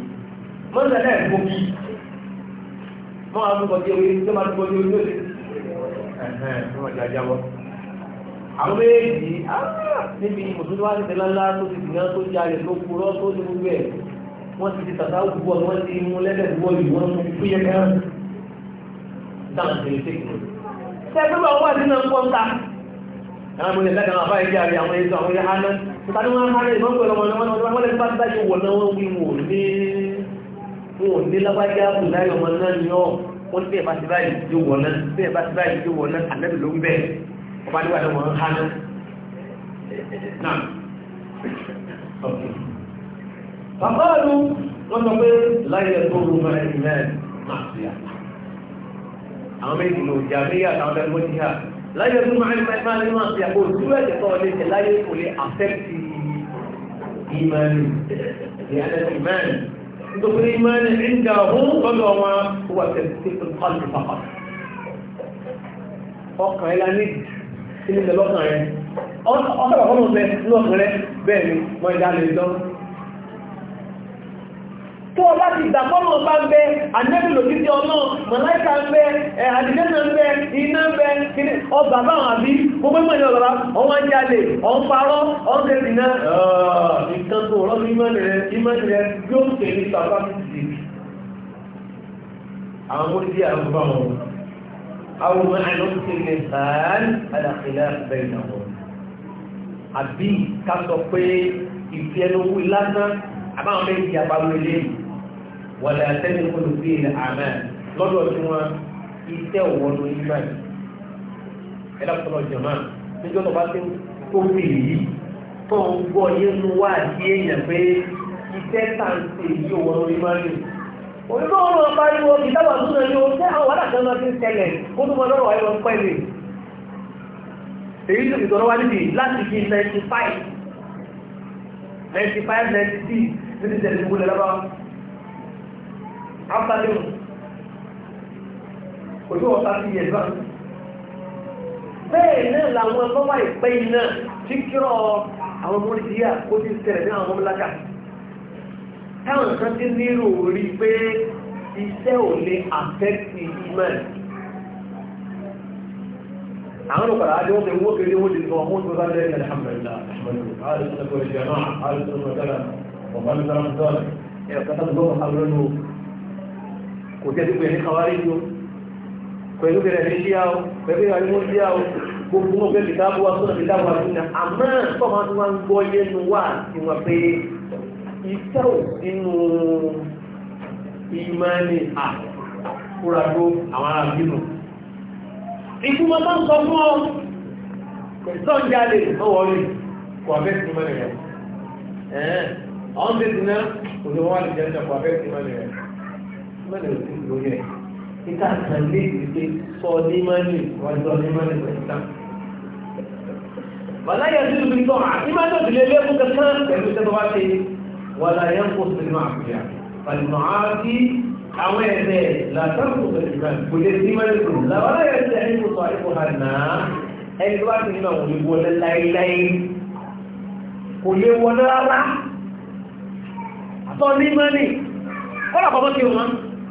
mọ́tò náà ń gbòkì mọ́ àwọn akókò tí ewé tó máa gbòkì ojú òde ẹ̀hẹ́n wọ́n ti ajábọ́ àwọn méjì ah, níbi mùsùlùmí wá tètè lálá tó ti dìgbà tó ti ayọ̀ tó kúrọ́ tó ti gbogbo ẹ̀ wọ́n ti ti tàtà wúwọ́ wọ́n ti mú lẹ́dẹ̀ wúwọ́ yìí wọ́n mú fúyẹ́ kan dáhùn sí ẹsẹ̀ kìnnì. sẹ́gbẹ́ bá wà nínú ẹ̀kọ́ ta àwọn ọmọdé lẹ́gbẹ̀ẹ́ máa bá ẹgbẹ́ àrí àwọn ẹ̀sọ́ àwọn wọn ò ní lágbájá kù láyọ̀ ọmọ náà ni ọ́ wọ́n tẹ́ bá ti báyìí tó wọ̀ náà tẹ́ bá ti báyìí tó wọ̀ náà àlẹ́bì ló ń bẹ̀ ọba níwà náà wọ́n ń há náà. bàbá àlù wọ́n sọ pé láyé tó ń lọ ilẹ̀ máa fi àná. àwọn méjì ló jà méjì àtàwọn ọ̀dọ́ ìgbọ́n ti hà láyé tó máa ń máa ń máa fi àpò ìdúró ẹ̀jẹ̀ tó ọdẹ ìṣẹ̀ láyé kò lè àfẹ́ẹ̀tì ìmọ̀ nítorí ìmánì ìdá ọ̀hún lọ́dọ̀ wọn ó wà tẹ̀sí sí ìpàdé pàpà ọkàn ẹ̀ lánìí sí ilẹ̀ lọ́kàn rẹ̀ ọ̀sán àkọ́kọ́ mọ̀ bẹ́ẹ̀ lọ́kàn rẹ̀ bẹ́ẹ̀ ni wọ́n dá lè lọ́wọ́ tó ọlá ti dàpọ́nà bá ń bẹ anẹ́bìlò títí ọ̀nà mọ̀láìka ń bẹ àdìdẹ́nà ń bẹ iná ń bẹ ọba báwọn àbí gbogbo mọ̀ ní ọ̀rọ̀ ọwọ́ ń jalè ọ̀n parọ́ ọ̀n àwọn ó di àwọn bá yìí wọ̀lẹ̀ àtẹ́lẹ̀ kọlù sí ilẹ̀ àmà lọ́dọ̀ tí wọ́n iṣẹ́ òwòrán ìgbà yìí ẹlẹ́kọ̀ọ́ jọ̀mọ́ níjọ́ tó bá ti kó fi yìí tó ń gbọ́ yẹnu wá àti èèyàn pé iṣẹ́ tàǹtì yìí òwòrán ìgbà yìí òyìnbó ọ̀rọ̀ ọba yíwọ ìdáwà tó náà ní o ṣé àwọn wàhálà kan lọ sí ìṣẹ̀lẹ̀ ó tún mọ lọ́rọ̀ ayọ̀ pẹ̀lẹ́ èyí tó fi tọrọ wá níbi láti fi ninety five ninety five ninety six níbi tẹ̀lé gbogbo lẹ́lọ́wọ́ after noon kò tó ọ̀tá sí yẹn náà bẹ́ẹ̀ náà làwọn bọ́bá ìpẹ́ yìí náà tí kírọ̀ àwọn ọmọ orí díà kó ti tẹ̀lẹ̀ ní àwọn ọmọ lákà táwọn kan ti nírò rí pé iṣẹ́ ò lè àfẹ́kì imán àwọn ọ̀pàdà àjọ ọ̀sẹ̀ owó kéré wọ́n ti sọ ọmọ tó bá lẹ́yìn alhamdulillah alhamdulillah alhamdulillah alhamdulillah alhamdulillah alhamdulillah alhamdulillah alhamdulillah alhamdulillah kò jẹ́ sí pẹ̀lú kàwárí yóò pẹ̀lú bẹ̀rẹ̀ ní ṣíyá o pẹ̀lú ìwà ìwọ̀n ṣíyá o gbogbo wọn bẹ̀rẹ̀ kìtàbù wa sọ́nà kìtàbù wa sínú àmọ́ tọ́mọ tí wọ́n ń gbọ́ yẹnu wà tí wọ́n pé iṣẹ́ ò sínú ìmọ̀ni àkúradó àwọn ará bínú. ìfúnmọ́ tó ń sọ ti náà òṣèwọ́n wà ní jẹ́ mẹ́rin sí lórí ẹ̀ níta kan lé ìdílé sọ ní mẹ́rin wájú ní mẹ́rin pẹ̀lú náà. wàlá yẹn ti lùbí tọ́ àtìmájọ́ ìdílé lẹ́kùn kankan pẹ̀lú iṣẹ́ tó bá ṣe wàlá yẹn kó sinimá àkùyà pàlùmọ̀ àti àwọn ẹ̀dẹ̀ làtàkùn pẹ̀lú náà kò lè sí mẹ́rin pẹ̀lú náà wàlá yẹn ti ẹni kò sọ àìkò hàn náà ẹni tó bá ti nínú àwọn olùgbò láíláí kò lè wọlé rárá àtọ́ ní mẹ́rin kọ́lá kọ́mọ́ kí wọ́n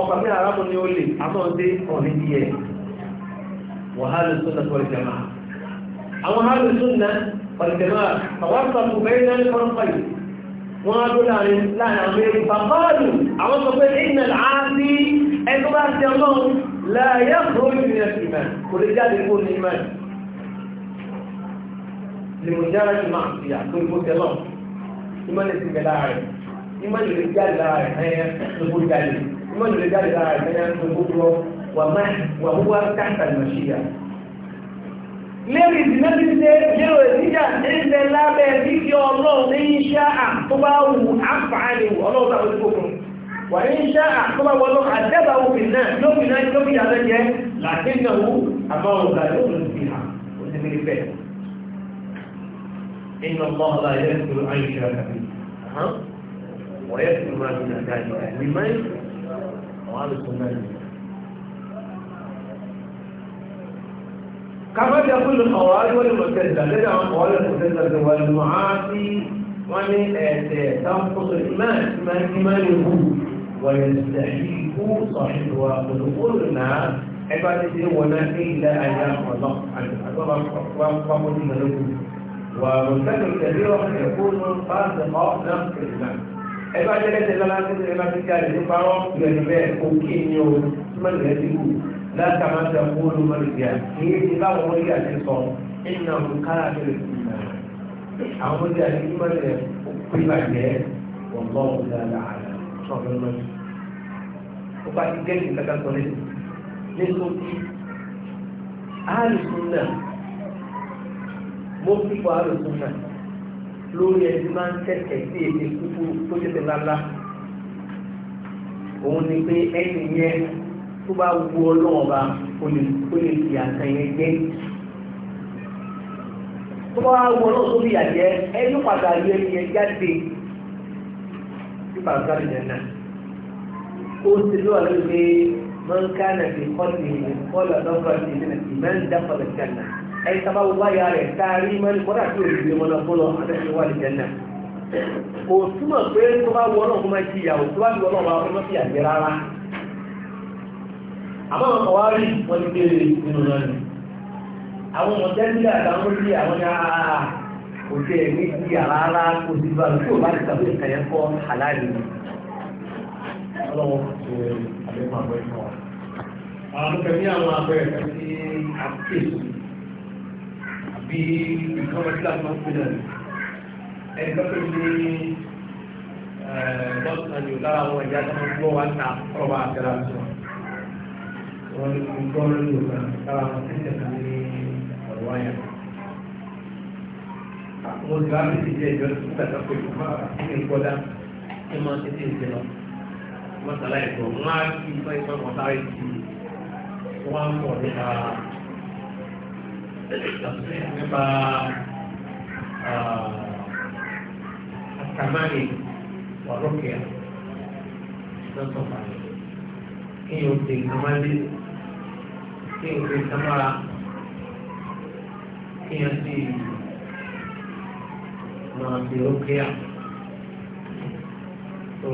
ọkọ̀ pé arábù ni ó lè àtọ́ọ̀dé ọ̀nà ìdí ẹ̀ wàhálù súnà pọ̀lìjẹ̀mà àwọn hálù súnà pọ̀lìjẹ̀mà àwọn sọ̀tù bẹ́ẹ̀ náà ní kọ́ńpọ̀lì wọ́n á dó láàrin láàrin àwọn eré bàbáàlù àwọn sọ pé ìnà àti ẹgbẹ́ bá ti ọlọ́run láàyè kúrò ní ìrìnà kò lè jáde kó ní ìmọ̀ lèmọ̀jára ti máa fi àpò ìmọ̀tẹ́ náà ìmọ̀ lè ti bẹ̀ láàrin ìmọ̀ lè jáde láàrin ẹ̀yẹ tó kó jáde mọ́jọ lè jáde lára ìgbẹ́yà ń tó gbogbo wà wúwá káńtà ìmọ̀ṣíyà lérí ìdínábí ṣe yẹ́rọ ìdíjà ẹ̀ẹ́dẹ̀ lábẹ́ bíbí ọlọ́run ní iṣẹ́ àtúbá wù áfààní ọlọ́run tàbí tó fún wà ní iṣẹ́ àtúbá wọlọ́ àdẹ́bà òfin náà lófin náà lófin yàtọ̀ jẹ́ làtínàwó àmọ́ ọ̀gá yóò lọ sí ha ó ti fi bẹ́ẹ̀. إن الله لا يذكر عن شرك به ويذكر ما دون ذلك لمن وعلى السنة كما يقول الخوارج والمعتزلة لدى الخوارج والمعتزلة والمعاصي ومن تنقص الإيمان من إيمانه ويستحيل صاحبها ودخول النار عبادة وما إلا أن يأخذ الله عنه ومن كثيرا يكون فاسقا نقص الإيمان ẹgbẹ́ ajẹ́lẹ́sẹ̀ lọ́la tí ẹgbẹ́ bá ti jáde ní parọ́ ìrẹ̀lẹ̀ bẹ́ẹ̀ òkè ni o túmọ̀lì rẹ̀ ti kù láti máa ń sẹ́kù olùmọ̀lì bíà èyí ti báwọn ọmọ yìí àti sọ ẹ̀yìn àwọn kára bẹ̀rẹ̀ sí i àwọn ọmọ yìí àti túmọ̀lì rẹ̀ lórí ẹni máa ń tẹ̀tẹ̀ sí èdè kúkú tó tẹ̀tẹ̀ lálá òun ni pé ẹni yẹn tó bá wu ọlọ́wọ́ bá o lè fi àtàn yẹn jẹ́ tó bá wu ọlọ́wọ́ tó fi yàjẹ́ ẹni padà yọ ẹni yẹn jáde sí pàṣẹ àdìyẹ náà ó ti lọ́wọ́ lórí pé mọ́ńkánà ti kọ́ ti kọ́ lọ́dọ́gbọ́n ti nínú ìmọ̀ ń dákọ̀ọ́ lọ́jà náà ẹni tàbá wo bá ya rẹ̀ táàrí mẹ́rin kọ́dà tí ò lè mọ́nà fún lọ àtẹ̀sí wà lè jẹ́nà kò túmọ̀ pé tó bá wọ náà kó máa jìyà ò tó bá ti wọ náà wọ́n máa fi àjẹ rárá àmọ́ ọmọ wa rí wọn ti bèèrè nínú náà ni àwọn ọmọ tẹ́lifíà àtàwọn orí àwọn ní àá kò tẹ̀ ní jìyà rárá kò sí bá tí ò bá ti tàbí ìkànnì kọ́ àláàlì ọlọ́wọ́ ti àbẹ̀kọ́ àwọn akẹ́kẹ́ ní àwọn abẹ́rẹ́ kẹ́kẹ́ àti bí ìjọba islam máa ń pè náà ẹgbẹ́ tó ní eh, lọ́sàn-án yóò lára àwọn ìyá tó ń gbọ́ wá ta ọba àtẹ̀rà sọ wọn ní kí n gbọ́ lórí òkà lára àwọn tẹ̀sẹ̀ kan ní ọ̀rọ̀ àyà. mo sì wá bí ti jẹ́ ìjọ tó gbàgbọ́ pé kò máa kí n gbọ́dá kí n máa tètè ìṣe lọ. wọ́n sàlàyé bọ̀ wọ́n á kí ìfọ̀ ìfọ̀ mọ̀tárì ti wọ́n á pọ̀ nípa nípa àtàmánì ọ̀rọ̀kìá lọ́sọ̀fà kí o ti kàmálé kí o ti kàmára kí o ti máa fi ọ̀rọ̀kìá tó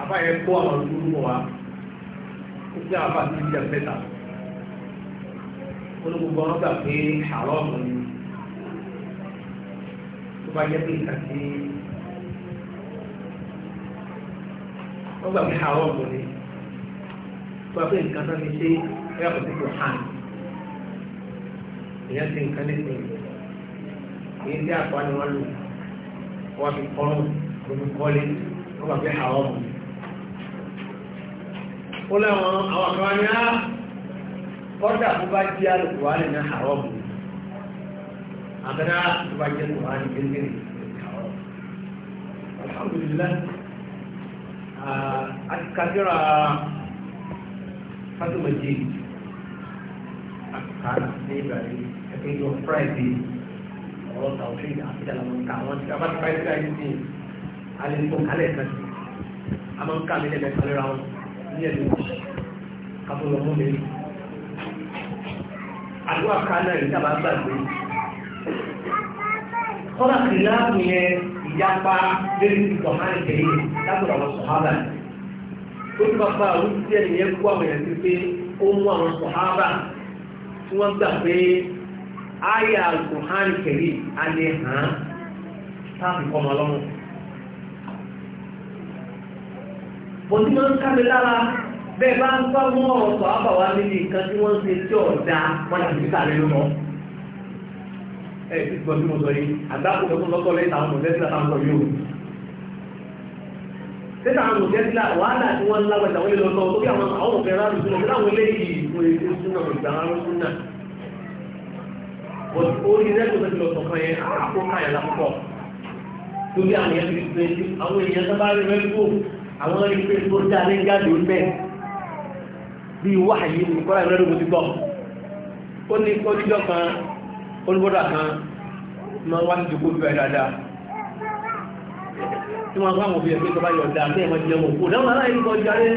abáyẹ kó àwọn olùkọ́ wa kó sí àwọn àti ìjà mẹ́ta olùgbogbo wọn gbà pé àrọ́ọ̀mù ni tó bá jẹ́ pé ìka sí wọ́n gbà pé àrọ́ọ̀mù ni tó bá pé nǹkan tó ní ṣe ẹ̀yà kò sí kò hàn èyàn ti nǹkan nísìnyí èyí tí àpá ni wọ́n lò wọ́n fi kọ́ lómi kọ́lé wọ́n gbà pé àrọ́ọ̀mù ni ó láwọn àwọn kan ní á. Ah, kọ́dà bó bá jẹ́ alùpùpù náà àrọ́ bù àbẹ́rẹ́ bó bá jẹ́ alùpùpù náà gẹ́gẹ́ àrọ́ alhamdulilayi àti kàdíra fásitì àti ìbàdí ẹgbẹ́ ìjọ friday ọ̀rọ̀ tàwọ́sí àti ìdàlàmọ́ta àwọn tí a bá ti friday láì sí alẹ́ nípa kálẹ̀ ẹ̀ka sí a máa ń ká mi lẹ́gbẹ̀ẹ́ kálẹ̀ ra wọn ní ẹ̀dùn kátó lọ́mọ́ àdúrà kaná ìjábá gbàgbé kọ́nà kìlá yẹn ìyapa lórí ìtọ̀ máa ń tẹ̀lé lágbàdo àwọn sọ̀hábà ó ti máa bá àwọn tí ẹni yẹn kó àwọn èèyàn ti pé ó mú àwọn sọ̀hábà tí wọ́n gbà pé àyà kùhán tẹ̀lé alẹ́ hàn táàbì kọ́mọ lọ́mọ. bọ̀dí máa ń kábi lára bẹ́ẹ̀ bá ń bá mọ́ ọ̀sọ̀ àbàwá níbi nǹkan tí wọ́n ń ṣe tí ọ̀dà wọn àti títà rẹ lọ́nà ẹ ti gbọ́ tí mo sọ yìí àgbákò tó tún lọ́kọ̀ lẹ́yìn àwọn mọ̀lẹ́sílà tá à ń sọ yìí o tẹ́tà àwọn mọ̀lẹ́sílà wàhálà tí wọ́n ń lágbàtà wọ́n lè lọ lọ lórí àwọn àwọn òfin rárá ìṣúná bí láwọn eléyìí ìfún ètò ìṣúná ìgbà rárá ìṣúná orí rẹ́gbẹ̀ẹ́ tó ti lọ sọ̀kan yẹn àkókò àyàlá púpọ̀ torí àwọn èèyàn ti rí pé àwọn èèyàn tó bá rí rẹ́gbẹ̀ẹ́ àwọn rí pé tó dá lé jáde ń bẹ́ẹ̀ bí wáyé ní kọ́lá ìrẹ́lú mo ti gbọ́ ó ní oníjọ́ kan olúbọ́dà kan máa wá sí ìdókò fẹ́ dáadáa tí wọ́n bá wọn fi ẹ̀gbẹ́ tó bá yọ̀ dáa kí ẹ̀ máa jẹun òkú náà máa ń kọ́ jáde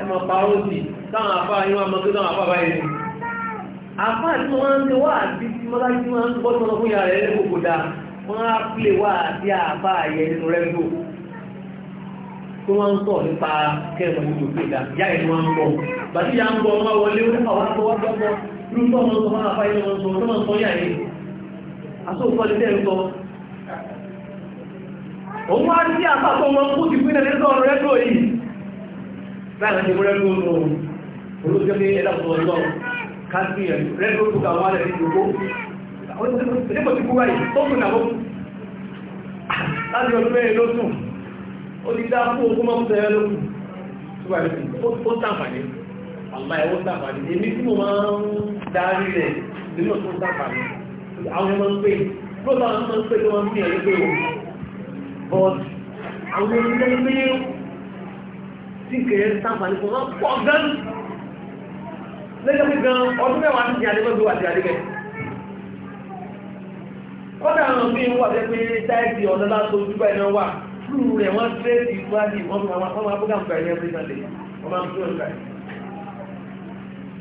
ẹ̀ máa pa ó sì táwọn afá inú àmọ́ tó táwọn afá báyìí ni afá tí wọ́n ń wá àti tí wọ́n ń bọ́ sọ́nà fún yàrá ẹ̀ lẹ́kọ̀ọ́ dáa wọ́n á pè wá àti afá yẹn nínú rẹ́gbò tí wọ́n ń sọ nípa kẹwàá ní òkú ìdá yá ẹ̀ wọ́n ń bọ̀ bàtí ya ń bọ̀ wọ́n wọlé onípa wọ́n tó wọ́n gbọ́gbọ́ lúgbọ́ wọn sọ máa fáyé wọn sọ wọn sọ yà yìí àtòkọ́ lè tẹ́ ń sọ òun wá sí àpapọ̀ wọn kú ti pín ẹ̀lẹ́ sọ rẹ́dò yìí láàrín ti rẹ́dò nù olóṣèlú ní ẹ̀dá sọ lọ káàkiri rẹ́dò tó kà wọ́n rẹ̀ nígbò nígbò ó ti dá fún ogún mọ́kúta ẹ̀rọ lókù tó wà lókù ó tàbàdé àmà ẹ̀ ó tàbàdé èmi tí mo máa ń darí rẹ̀ nínú tó tàbàdé àwọn ọmọ ń pè lóòótọ́ àwọn ọmọ ń pè tó wọ́n ń gbìyànjú pé o but àwọn ọmọ ń pè tí kẹ̀yẹ́ tàbàdé kò máa pọ̀ gan lẹ́jọ́ pé gan ọdún mẹ́wàá ti di adébẹ́gbẹ́ wà di adébẹ́gbẹ́ kọ́dà àwọn ọmọ mi wà pé táìsì ọ̀dọ́lá tó dúpẹ́ náà wà fúlù rẹ̀ wọ́n fẹ́ ti wá ní wọ́n fún àwọn ọmọ abúgbà ń gbà ilé ẹgbẹ́ ìgbàlẹ̀ wọ́n máa ń fún ẹgbà ẹ̀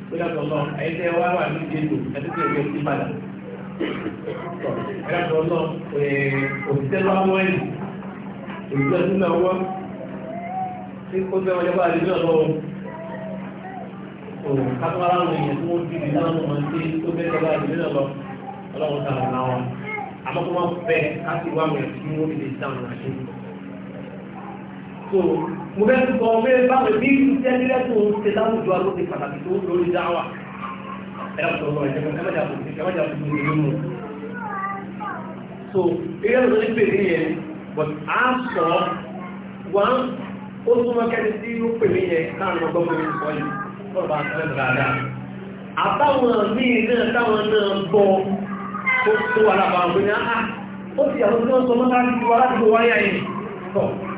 tó dàtọ̀ lọ ẹ̀ẹ́dẹ́ wá wà ní ìdílò ẹ̀ẹ́dẹ́ ẹgbẹ́ ti padà ẹ̀ẹ́dẹ́ lọ òṣìṣẹ́ lọ́wọ́ ẹ̀ òṣìṣẹ́ tún náà wọ́n tí ó fẹ́ wọlé bá a di náà wọ́n ti tó fẹ́ bá a lè ní ọ̀dọ́ ọlọ́run tààrà náà wọn àmọ́ kó fẹ́ ká sì wá tí wọ́n ti di sáwọn àṣẹ so mo fẹ́ tún sọ pé báwo bí iṣẹ́ nílẹ̀ tó ń ṣe láwùjọ àlọ́ ti pàtàkì tó lórí dáwà ẹ̀rọ sọ̀rọ̀ ẹ̀jẹ̀ ẹ̀mẹ́jà kò ní ìlú so eré ọ̀dọ́ ní pèsè yẹn but a sọ wọn ó súnmọ́ kẹ́ni tí ó pèmí yẹn káàrin ọgbọ́n mi sọ yìí sọ̀rọ̀ bá sọ̀rọ̀ dáadáa àtàwọn míì náà táwọn náà bọ̀ tó tó alábàáwọ̀ ní àá ah, ah, ó ti àwọn tí wọ́n sọ mọ́ta ti wá láti wáyà yìí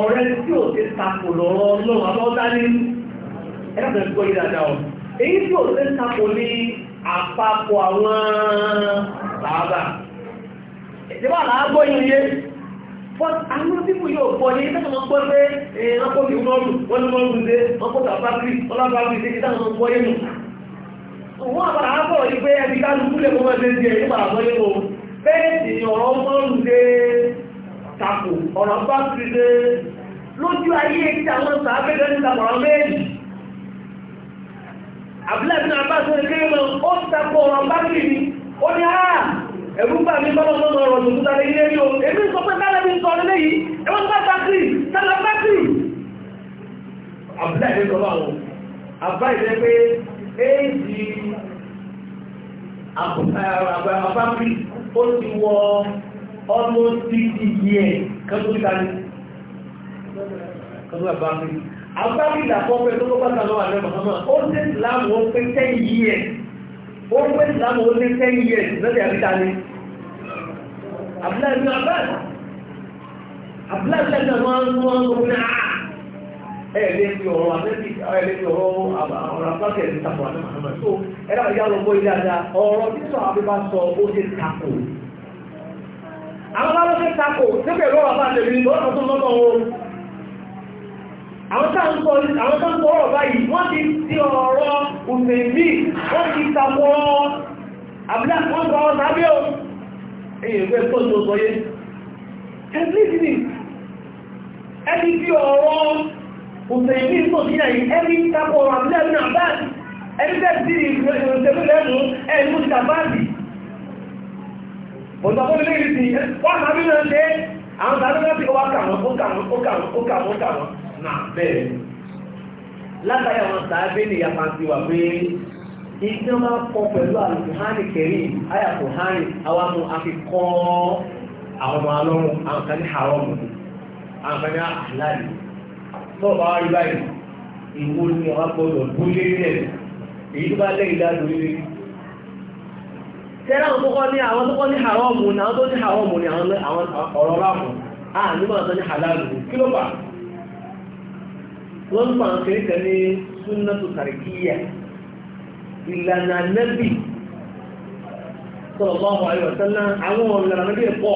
ọ̀rẹ́ tí ò ti tapò lọ́rọ̀ lọ́wọ́ alọ́dá ní ẹgbẹ̀rẹ̀ gbọ́ yìí dáadáa ọ̀ èyí tí ò ti tapò ní àpapọ̀ àwọn làábà ìjọba làágbọ́ yìí yé but àwọn tíbù yóò pọ̀ ní ẹgbẹ́ tó gbọ́ pé wọ́n kó bí mọ́rù wọ́n ní mọ́rù dé wọ́n kó tàbá sí ọlọ́pàá sí ìdíkítà tó gbọ́ yé nù wọ́n àbára àbọ̀ ní pé ẹbí ká lùkúlẹ̀ mọ́mọ́ tako ọ̀rọ̀ bá ti dé lójú ayé tí àwọn sàábẹ́gẹ́ ní tàbọ̀rọ̀ méjì àbúlẹ̀bí náà bá tó kéré mọ́ ó tako ọ̀rọ̀ bá ti ní ó ní á ẹ̀rú bá mi bọ́lọ́ mọ́ ọ̀rọ̀ tó kúta lé ilé yóò èmi sọ pé tálẹ́ mi sọ nílé yìí ẹwọ́n bá tàkì tálẹ́ bá tì ó ti wọ almost 60 years kẹ́tọ́ ìtàlẹ̀ kẹ́tọ́ àbáfí àbáfí ìdàkọ́fẹ́ tó kọ́kọ́ tàbí àjẹ́ mọ̀sánmà ó ní ìsìláàmù ó pé 10 years ó pé ìsìláàmù ó ní 10 years lọ́dẹ̀ àbítàlẹ̀ àbúláàbí àbáàbí àbúláàbí àwọn ọmọ ọmọ náà ẹ̀ẹ́dẹ́ fi ọ̀rọ̀ àbẹ́bí ẹ̀ẹ́dẹ́ fi ọ̀rọ̀ ọ̀rọ̀ àbáfẹ́ ẹ̀ẹ́dẹ́ tàbí àjẹ́ mọ̀sánmà àwọn bá lọ́sẹ̀ tako sípè lọ́wọ́ bá lèrí lọ́nà tó lọ́nà wọn àwọn tán tó ọ̀rọ̀ báyìí wọ́n ti tí ọ̀rọ̀ òsèmí wọ́n ti tako àbúlá wọ́n tọ́ sábẹ́ o èyí ẹgbẹ́ tó tó sọ yé ẹni tí ọ̀rọ̀ òsèmí tó sí ẹ̀yí ẹni tako ọ̀rọ̀ àbúlá náà báyìí ẹni tẹ́ òǹtàkùnlé yìí ti wọ́n tàbí náà ṣe àwọn tàbí náà ti wá kàwọn ó kàwọn ó kàwọn ó kàwọn ó kàwọn náà bẹ́ẹ̀ látàrí àwọn tàbí ní yàtà ti wà pé iṣẹ́ máa kọ pẹ̀lú alùpùhánì kẹrì ayàpùhánì àwọn amú akíkọ́ àwọn ọmọ alọ́run àwọn kan ní àrọ́mù àwọn kan ní àláàlì tó bá wá rí báyìí ìwúrí ni wọ́n gbọ́dọ̀ bú lé tẹ́lá àwọn tó kọ́ ní àwọn tó kọ́ ní haramu ní àwọn tó ní haramu ní àwọn ọ̀rọ̀ ráàmù à nígbà tó ní halalu kí ló fà wọ́n fà ń kiri kan ní sunnatu tarikiya ìlànà nẹ́bì sọ̀rọ̀ báwọn ayọ̀ sẹ́lá àwọn ọ̀rọ̀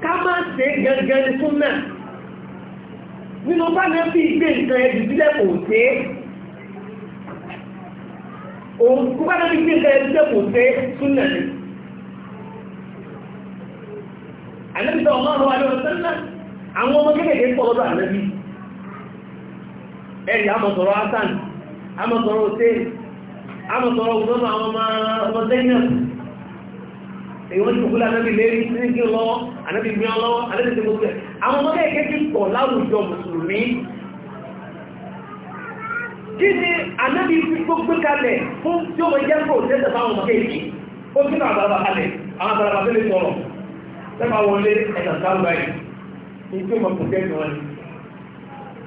ká má ṣe gẹ́gẹ́ ní súnmọ̀ nínú bá fi gbé nǹkan ẹ̀dù sílẹ̀ kò ṣe é òun kó bá fi gbé nǹkan ẹ̀dù sílẹ̀ kò ṣe é súnmọ̀ ni àlẹ́bìtọ̀ ọmọ ọ̀rọ̀ àlẹ́ òṣèlú àwọn ọmọ kéèkéé pọ̀ lọ́dọ̀ àlẹ́bí ẹ̀rì àmọ̀sọ̀rọ̀ Hassan àmọ̀sọ̀rọ̀ òṣèlú àmọ̀sọ̀rọ̀ òṣèlú àwọn èyí wọ́n ti kòkó lánàbí lérí sínkí lọ́wọ́ ànábì gbé ọlọ́wọ́ ànábì tí mo tẹ̀ àwọn ọmọdé ẹ̀kẹ́ ti pọ̀ láwùjọ mùsùlùmí kí ni ànábì fi gbogbo kalẹ̀ fún tí ó mọ jẹ́ kó tẹ́tẹ̀ fáwọn ọmọ kéèkì ó kí náà bàbá kalẹ̀ àwọn àgbàlagbà tó lè sọ̀rọ̀ tẹ́fà wọlé ẹ̀sà sáwùbá yìí ní tí ó mọ kòtẹ́ ìjọ wọn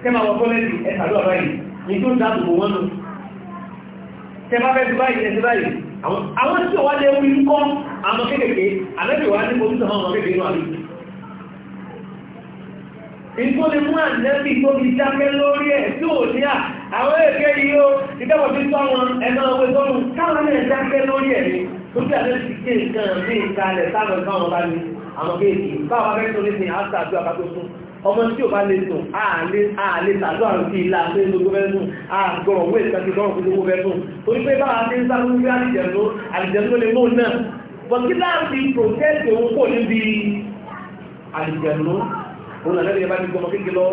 tẹ́fà wọ kọ́lẹ́sì ẹ̀sà lọ́wọ́ báyìí ní tó ń dáàbò wọn nù tẹ́fà fẹ́ àwọn tí ọwá lẹ́wọ́ inú kọ́ àwọn kéèkéé alẹ́bíwá ní oúnjẹ àwọn kéèkéé náà rí ìgbó ni mú ànẹ́bí tó fi jákẹ́ lórí ẹ̀ tí ò ní à àwọn èké yìí ó ìdẹ́wọ̀ fi tọ́ wọn ẹ̀nà ọgbẹ́ tọ́nu káwọn náà jákẹ́ lórí ẹ̀ tó bí alẹ́ ti ké nǹkan ní ìkalẹ̀ sáàmù káwọn bá ní àwọn kéèkéé báwọn abẹ́rẹ́ tó ní sin áṣà àti àbátó tún ọmọ tí ò bá lè sùn ààlè tàbí àrùn sí ilá pé lógó mẹ́sùn àgbọ̀rọ̀ wé ìtàkì tọ́rọ̀ fún lógó mẹ́sùn torí pé báwa ti ń sáré wípé àjẹ̀ló àjẹ̀ló lè mọ́ náà but kí láà ti protest òun kò níbi àjẹ̀ló òun àlẹ́bí ẹbá ti gbọmọ kéèké lọ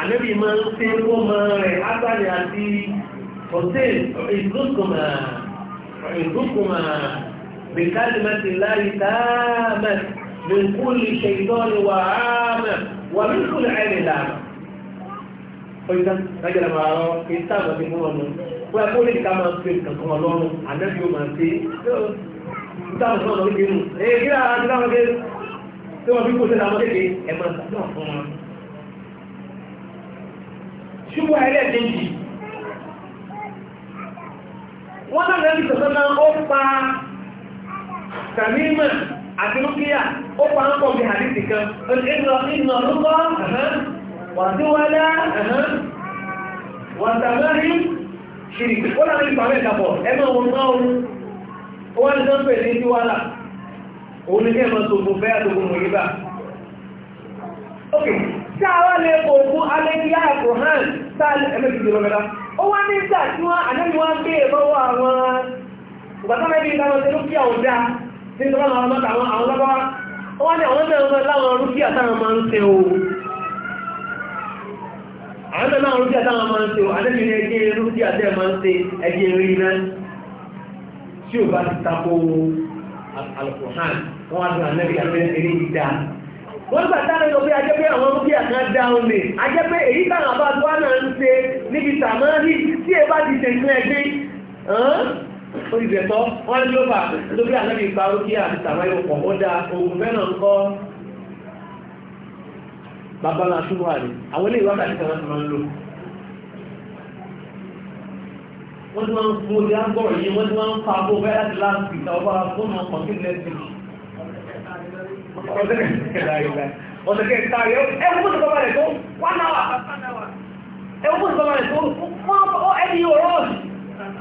àlẹ́bí máa ń ṣe wọ́n mọ rẹ̀ átàlì àti ọ̀sẹ̀ ìdókòmà ìdókòmà bèkálì mẹ́tì láyé táà mẹ́tì من كل شيطان وعامة ومن كل عين لامة فإذا رجل ما رأى إنسان في مؤمن ويقول لك كما في كما لون النبي ما في إنسان ما لون كيلو إيه كلا كلا ما كيلو ثم في كل سلامة كي إما سلامة شو عليه تنجي وانا نبي صلى الله عليه وسلم أوبا تميما àti lókíyà ó pa ń pọ̀ bí àdíkì kan ìnà ìnà lọ́gbọ́ wàtíwádá wàtàmárí ṣìrì ó láti ìpàmẹ́ ìkàpọ̀ ẹgbẹ́ ohun náà ó wá ní sọ pé ní tíwádà òun ní kẹ́ẹ̀mọ́ tó fún fẹ́ àtòkùn mọ̀lẹ́bà ókè sáwá lè kò fún alẹ́kíyà àkùrán àwọn ìgbàtánẹ́bí ní ìtọ́lá àwọn ọmọdé àwọn ọlọ́bá wọ́n ní àwọn ọmọdé ọmọdé láwọn rúkí àtàwọn máa ń ṣe o àwọn ọmọdé láwọn rúkí àtàwọn máa ń ṣe o àdébì ní ẹgbẹ́ rúkí àtẹ́ máa ń ṣe ẹgbẹ́ rí iná tí ò bá ti tako alùpùhàn wọ́n á dùn ànẹ́bí àti eré ìdá wọ́n gbà tá lọ pé ajẹ́pẹ́ àwọn rúkí àkàn dá o lè ajẹ́pẹ́ èyí táwọn àbá tó wà náà ń ṣe níbi tàmáà ní tí ẹ bá ti ṣe nǹkan ẹgbẹ́ olùgbẹ̀tọ́ wọ́n ló bà lórí àlẹ́bí ipa ókí àti tàwárí ọkọ̀ ó dá ogun mẹ́nà ń kọ́ bàbá máa tún wà ní àwọn ilé ìwádà nípa wọn máa ń lò wọ́n ti máa ń fún ojú agbọ́rọ̀ yìí wọ́n ti máa ń fa bó bẹ́ẹ̀ láti láti ìta ọba fóònù ọkàn sí lẹ́sìn ọ̀sẹ̀ kẹta rẹ̀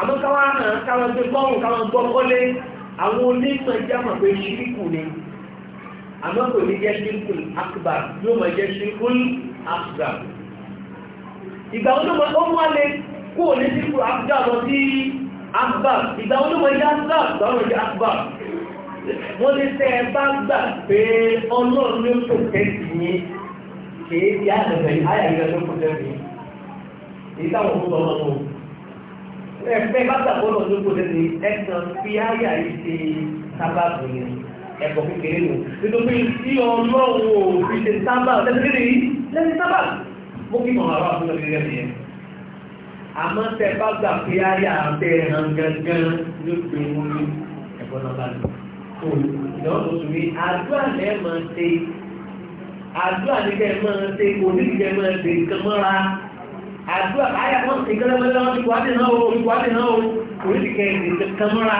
àmọ́ káwá náà káwọn gbé gbọ́rùn káwọn gbọ́ kọ́lé àwọn onímọ̀ jẹ́ àmọ̀ pé ṣíríkù ni àmọ́ kò ní jẹ́ ṣíríkù akbar yóò máa jẹ́ ṣíríkù akbar ìgbà wọn ló máa ó wá kó o ní ṣíríkù akbar lọ sí akbar ìgbà wọn ló máa jẹ́ akbar ìgbà wọn jẹ́ akbar wọ́n ní sẹ́ ẹ bá gbà pé ọlọ́run ló tó tẹ́sí yín kì í di àgbẹ̀fẹ̀ ayàgbẹ̀ ló kò tẹ́sí yín èyí táwọn ọmọ ọmọ ẹ̀fẹ́ bá gbàgbọ́dọ̀ ló kó lẹ́nu ẹ̀sán fi áyà ìṣe sábàbù yẹn ẹ̀kọ́ kékeré nù nítorí tí ọlọ́run ò fi ṣe sábàbù lẹ́sẹ̀kẹ́rẹ́ yìí lẹ́sẹ̀ sábàbù mú kí màmá wà fún ọ̀gẹ́gẹ́ mi yẹn àmọ́ tẹ bá gbà pé áyà tẹ hàn gángan ló pè wọ́n ní ẹ̀kọ́ àdúrà a wọn ti gẹ́lẹ́ mọ́lẹ́ wọn ti kwádìí náà o ti náà o oríṣìíkẹ́ èdè kankan mọ́ra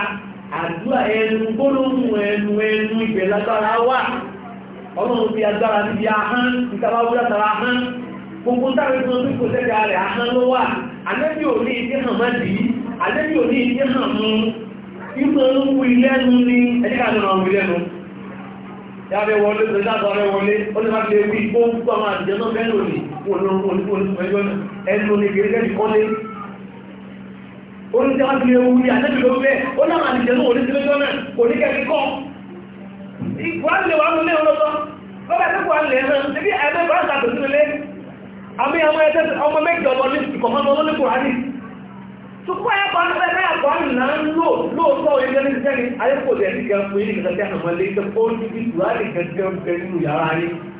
àdúrà ẹnu gbólóhùn ẹnu ẹnu ibẹ̀ lágbára wà ọlọ́run fi agbára níbi ahán ìtàbá wúlá tara ahán gbogbo táwọn ìtàn tó kò sẹ́jà rẹ̀ ahán ló wà àlẹ́bí ò ní ìdí hàn má àlẹ́bí ò ní ìdí hàn mú wọlé ó fi olóòrùn olóòrùn olóòrùn ẹjọ́ náà ẹnu ní gẹ̀rẹ́gẹ́ ní kọ́lé oníṣẹ́ wá ti ewu ní àtẹ́bì ló fẹ́ ó náà àti ìjẹ̀lú oníṣẹ́ lọ́jọ́ náà kò ní kẹ́kẹ́ kọ́ ìkùránlẹ̀ wà ló lẹ́rọ lọ́tọ́ lọ́gbà tó kù àlẹ́ náà ṣebí ẹgbẹ́ bá ṣàtò sí ilé àmì àwọn ẹgbẹ́ ọmọ mẹ́jọ ọmọ ní ìkọ̀mọ́ ọmọ ní kùránì tukọ́ ẹ̀ kọ́ ẹ̀ bẹ́ẹ̀ kọ́ nà ń lò lóòótọ́ ìgbẹ́ ní sẹ́ni ayé kò lẹ́ẹ̀kẹ́ fún yìí nìkan tẹ́ àmọ́ lé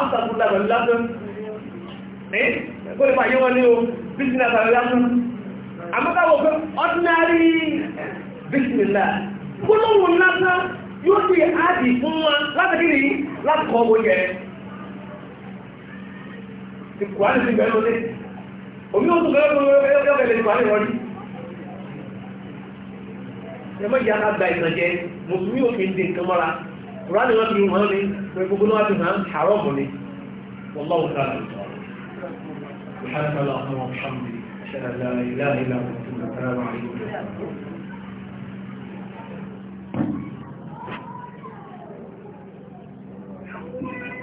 áfàkúlà pẹ̀lú lásán ní ẹgbẹ́ ìpàyẹ́ wọn ní o bísínà pẹ̀lú lásán àmọ́káwò pé ordinary bísínà gbólóhùn lásán yóò ti áàdì fún wọn láti kiri láti kọ́ oúnjẹ ti kùránì sí ìgbẹ́lú ní omi ó tún bẹ́ẹ̀ fún ẹgbẹ́ ìkùránì rọrí ẹmọ́ ìyá ká gba ìtànjẹ mùsùlùmí òfin di nǹkan mọ́ra القرآن ما فيه مهمي ويقولوا هذا مهم حرام لي والله تعالى سبحانك اللهم وبحمدك أشهد أن لا إله إلا الله وأشهد أن محمدا